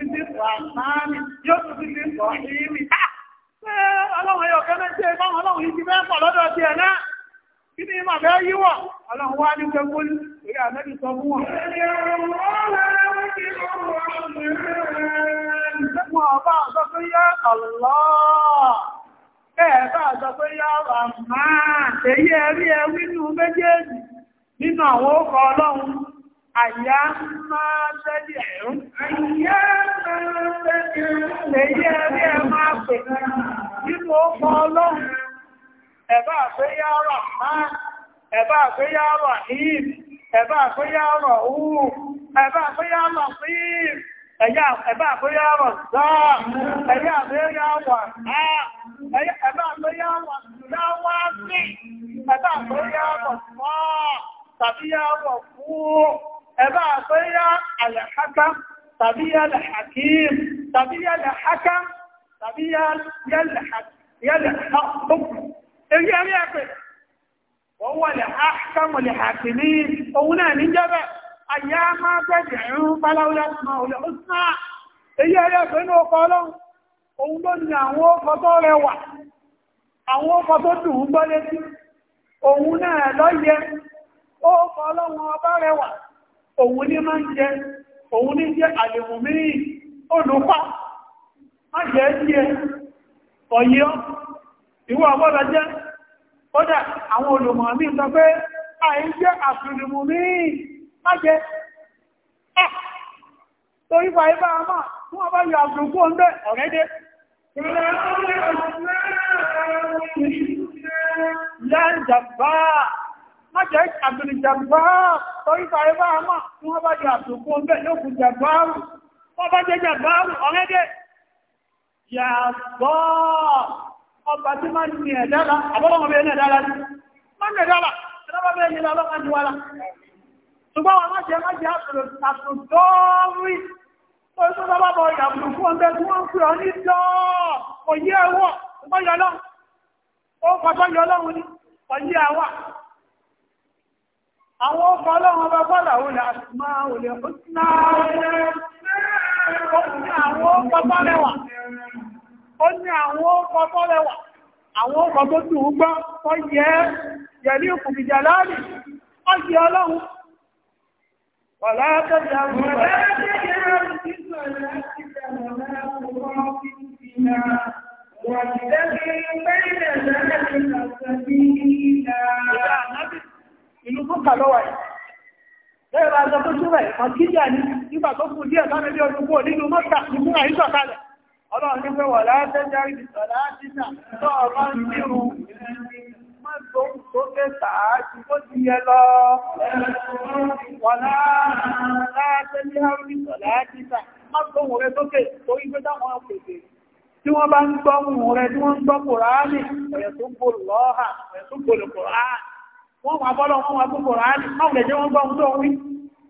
sí Ràmánì, yóò tún fi sí Rọ̀hìmì. Ṣé ọlọ́run ẹyọ kẹ́lẹ́ tí ẹ bá wọn ọlọ́run yìí ti fẹ́ pọ̀ lọ́dọ̀ ti ẹ̀ náà? Kí ni ìmọ̀ bẹ́ yíwọ̀? Ọlọ́run wá ní gbogbo ìrẹ́ àmẹ́bí sọ fún wọn. Ẹgbọ́n ọba ọ̀sọ́ pé yá Allah. Ẹ̀ẹ̀bá ọ̀sọ́ pé yá Ràmánì. Èyí ẹ̀rí ẹ̀wínú méjèèjì. nínú àwọn ọkọ̀ ọlọ́run àyà máa tẹ́lẹ̀ ẹ̀rún àyà máa tẹ́lẹ̀ èyí ẹ̀rí ẹ máa pè nínú ọkọ̀ ọlọ́run ẹ̀bá àgbéyàrọ̀ máa ẹ̀bá ẹ̀bá àgbéyàrọ̀ òun ẹ̀bá àgbéyàrọ̀ fíìm ẹ̀bá ẹ̀yà ẹ̀bá sí ẹ̀bá tàbí yá wọ̀ fún ẹ̀bá àtọ́yá àlẹ̀háká tàbí yá lẹ̀hàkìm tàbí yá lẹ̀háká tàbí yá lẹ̀hákùn èyí ẹ̀rí ẹ̀pẹ̀ wọ́n wà lẹ̀hákàmù lẹ̀hàkìmí òun náà ní jẹ́bẹ̀ àyá máa gbẹ̀jẹ̀ ẹ̀rún báláwọ́lá èyí ẹ̀rí ẹ̀pẹ̀ ní ọkọ̀ ọlọ́run òun ló ní àwọn ọkọ̀ tó rẹwà àwọn ọkọ̀ tó dùn ún gbọ́lé sí òun náà lọ́yẹ ó kọlọ ọlọ́run ọba rẹwà òun ní máa ń jẹ òun ní jẹ àlèmùmírì olùpá má jẹ́ sí ẹ ọ́ ìwọ ọgbọ́dọ̀ jẹ́ kódà àwọn olùmọ̀ sọ pé àì jẹ́ àfìlìmùmírì má jẹ́ ẹ̀ torí pa ibá máa fún ọba yọ àgbùkú ọ̀ndẹ́ ọ̀rẹ́dẹ́ má jẹ́ àgbèrèjàgbá oríta ẹbá àmà tí wọ́n bá jẹ́ àtòkú ọgbẹ́ lókùn jàgbáàrù wọ́n bá jẹ́ jàgbáàrù ọ̀rẹ́dẹ̀ yàgbọ́ ọba tí má ní ẹ̀dára àbọ́lọ́wọ́ bẹ́ẹ̀ ní ẹ̀dára ní má ní ẹ̀dára ẹ̀dára bẹ́ẹ̀ ní ẹ̀dára ní wàlá ṣùgbọ́n wọn má jẹ́ má jẹ́ àtòdọ́rí orí tó bá bọ̀ ìyàbùkú ọgbẹ́ tí wọ́n ń pè ọ ní jọ́ òyí ẹ̀wọ̀ ọgbọ́yọlọ́run ó pàtọ́yọlọ́run ní òyí àwà àwọn ọkọ̀ ọlọ́run bá bọ́lá òun là máa ò lè náà àwọn ọkọ̀ tó rẹwà ó ní àwọn tó gbọ́ yẹ yẹ̀lí òkùnkùnjà láàrì ó yẹ ọlọ́run Ọ̀lá ìlú tó kà ẹ̀ lẹ́yìn bá tó túnbẹ̀ àkíjà ní nígbà tó kù díẹ̀ sáré bí ọdún kúrò nínú mọ́ta ní fún ọlọ́run ní pé wọ̀ láti járí ìsọ̀ láti tó ọmọ ń dírun tó ké sàájú tó ti yẹ lọ wọ̀ láti járí ìsọ̀ láti nà mọ́tò òun rẹ tókè tó ìgbé wọ́n wà bọ́lọ̀ wọ́n wà gbogbo rà ní máa lè jẹ́ wọ́n gbọ́n tó wí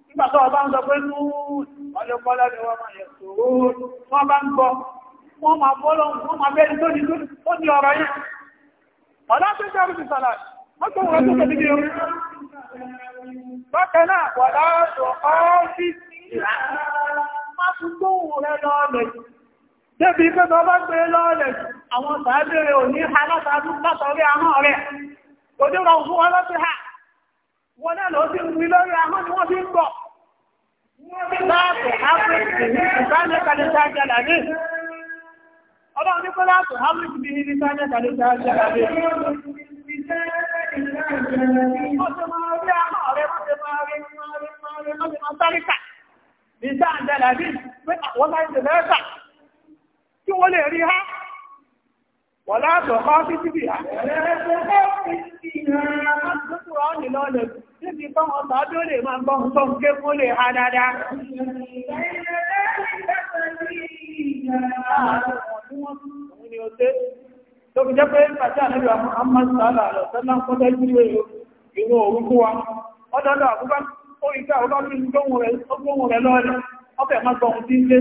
nígbà tó ọba ń sọ pé lúúùn ọlọ́pọ̀lọ́ ni wọ́n máa yẹ̀ tó wọ́n bá ń gbọ́ wọ́n máa bọ́lọ̀ wọ́n máa bẹ́ẹ̀ tó ní tó ní ọ̀rọ̀ yẹn ọ̀dá tó jẹ́ orí sọ̀lá wọ́n tó wọ́n tó tẹ̀lé bọ́ bá gbé lọ́ọ̀lẹ̀ àwọn sàábẹ̀rẹ̀ òní alátàdún látọrí ahọ́n rẹ̀ òde rọ̀ fún wọn lọ́sí ha wọn náà lọ sí wí lórí ahọ́n ni wọ́n fi ń bọ̀ láàpù áfíríkì ní ìbánẹ́kàlẹ́sà jàlàdé ọlọ́run ní pé láàpù áfíríkì ní ìbánẹ́kàlẹ́sà jàlàdé Tí wọ́n lè rí ha Wọ̀lá àtọ̀kọ́ sí sí ìrìnà láti lókù ọ́ nílọ́ lè níbi bọ́mọ sàádó lè ó dé. Lóbi jẹ́ pé pàtí àlejò àmọ́ ń kọ́tẹ́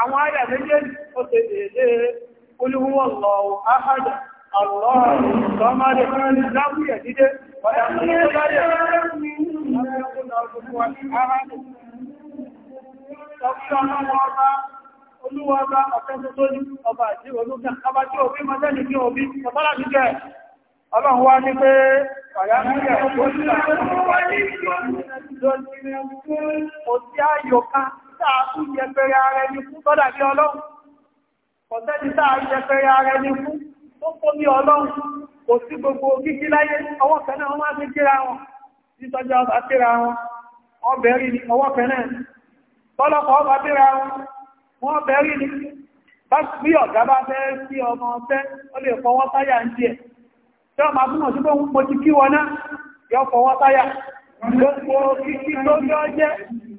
àwọn ayà méjèèjì ó ṣe déédé olúwọ́ lọ áhàjà Olúwọ́gbá ọ̀fẹ́ nwere ní ọba àti olúgbà, ọba tí òbí máa tẹ́lì kí òbí, ọ̀tọ́lá ti jẹ́ táà tún yẹpẹrẹ ara ẹni fún tọ́dà bí ọlọ́run ọ̀sẹ́ni táà yẹpẹrẹ ara ẹni fún tó kó ní ọlọ́run kò sí gbogbo kíkí láyé ọwọ́ kan náà wọ́n máa fi kíra wọn nítọ́jú ọba kíra wọn ọbẹ̀ rí ni ọwọ́ kan náà tọ́lọ́pọ̀ ọba kíra wọn wọ́n bẹ̀ rí ni bí ọ̀gá bá fẹ́ sí ọmọ ọ̀fẹ́ ó lè fọwọ́ táyà ń tiẹ̀ tí ọmọ abúmọ̀ sí jẹ́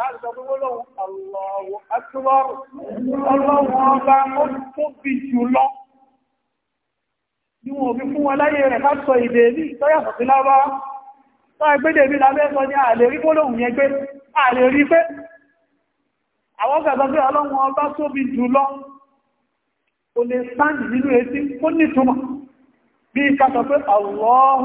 láti sọ pé wọ́lọ́wọ́ Allahu Akbar ọlọ́wọ́ ọba ó tóbi jùlọ ní wọn òbí fún wọn láyé rẹ̀ ká sọ èdè ní ìtọ́yàtọ̀ sí lábá tó ẹgbẹ́dẹ̀ bí lábẹ́ sọ ní àlè rí gbólóhùn yẹn pé àlè rí pé àwọn jùlọ kò lè sáàdì nínú etí kó nítumọ̀ bí ká sọ pé Allahu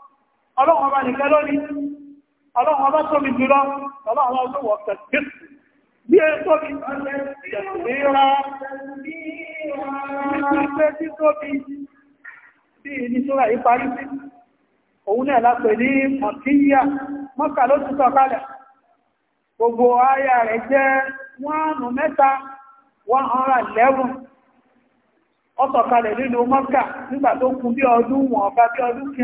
ọlọ́run ọba nìkan lónìí ọlọ́run ọba jùlọ ọlọ́run ọba wọ̀ kẹ̀kẹ́ bí bí i gbogbo jẹ́ mẹ́ta wọ́n ọ̀rà lẹ́wọ̀n nínú mọ́kà nígbà tó bí ọdún wọ̀n bí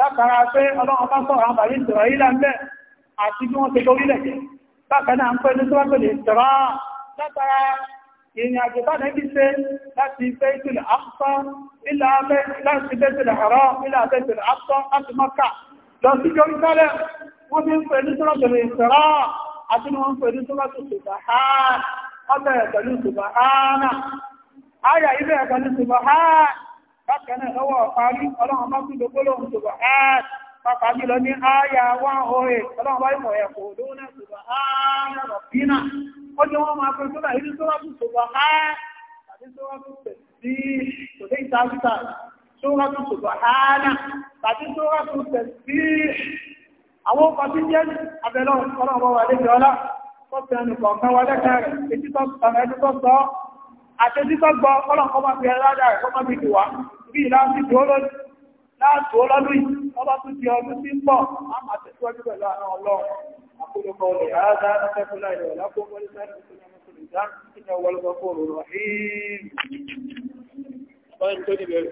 látara pé ọlọ́run bá sọ̀rọ̀ àwọn bàbí ìtọ̀rọ̀ ilẹ̀ ń bẹ̀ àti bí wọ́n ti lórí lẹ̀ jẹ́ bákan náà ń pẹ́ ní tíwájú lè tọ̀rọ̀ látara ìrìn àjò bá nẹ́bí ṣe láti ìfẹ́ ìtìlẹ̀ àpọ̀ ilẹ̀ abẹ́ láti ìfẹ́ ìtìlẹ̀ ọ̀rọ̀ ilẹ̀ abẹ́ ìtìlẹ̀ àpọ̀ láti mọ́kà lọ sí jọrí sálẹ̀ wọ́n bákan náà lọ́wọ́ parí ọlọ́run bá tún gbogbo lóhun tó bọ̀ áàt pápá jùlọ ní àyà wá òye oh ọlọ́run bá ìmọ̀ ẹ̀kọ́ lóhun náà tó bọ̀ áàrọ̀ bínà ó jẹ́ wọ́n máa fẹ́ sọ́lá ìlú tó rọ́pù tó bọ̀ áàt tàbí tó rọ́pù tẹ̀ sí tòlé ìtàkùtà tó rọ́pù tó bọ̀ áàlà tàbí tó rọ́pù tẹ̀ sí àwọn ọkọ̀ tí jẹ́ abẹ́lọ́ ọlọ́run bá wà lé àtẹ́sítọ́gbọ́ ọlọ́nkọ́ máa fi ẹ̀rádà ẹ̀kọ́ máa fi dùwà bí i láti tó lọ́dún ọba tún ti ọdún sí pọ̀ àmàtẹ̀síwájú pẹ̀lú àwọn ọlọ́run àkójọpọ̀ olè àádá ẹ̀kọ́lá ìrọ̀ lápòpọ̀ ní sáàtì ìpínlẹ̀ mọ́sùlùmí dá ìjọ wọlọ́gbọ́ fóòrò rọ̀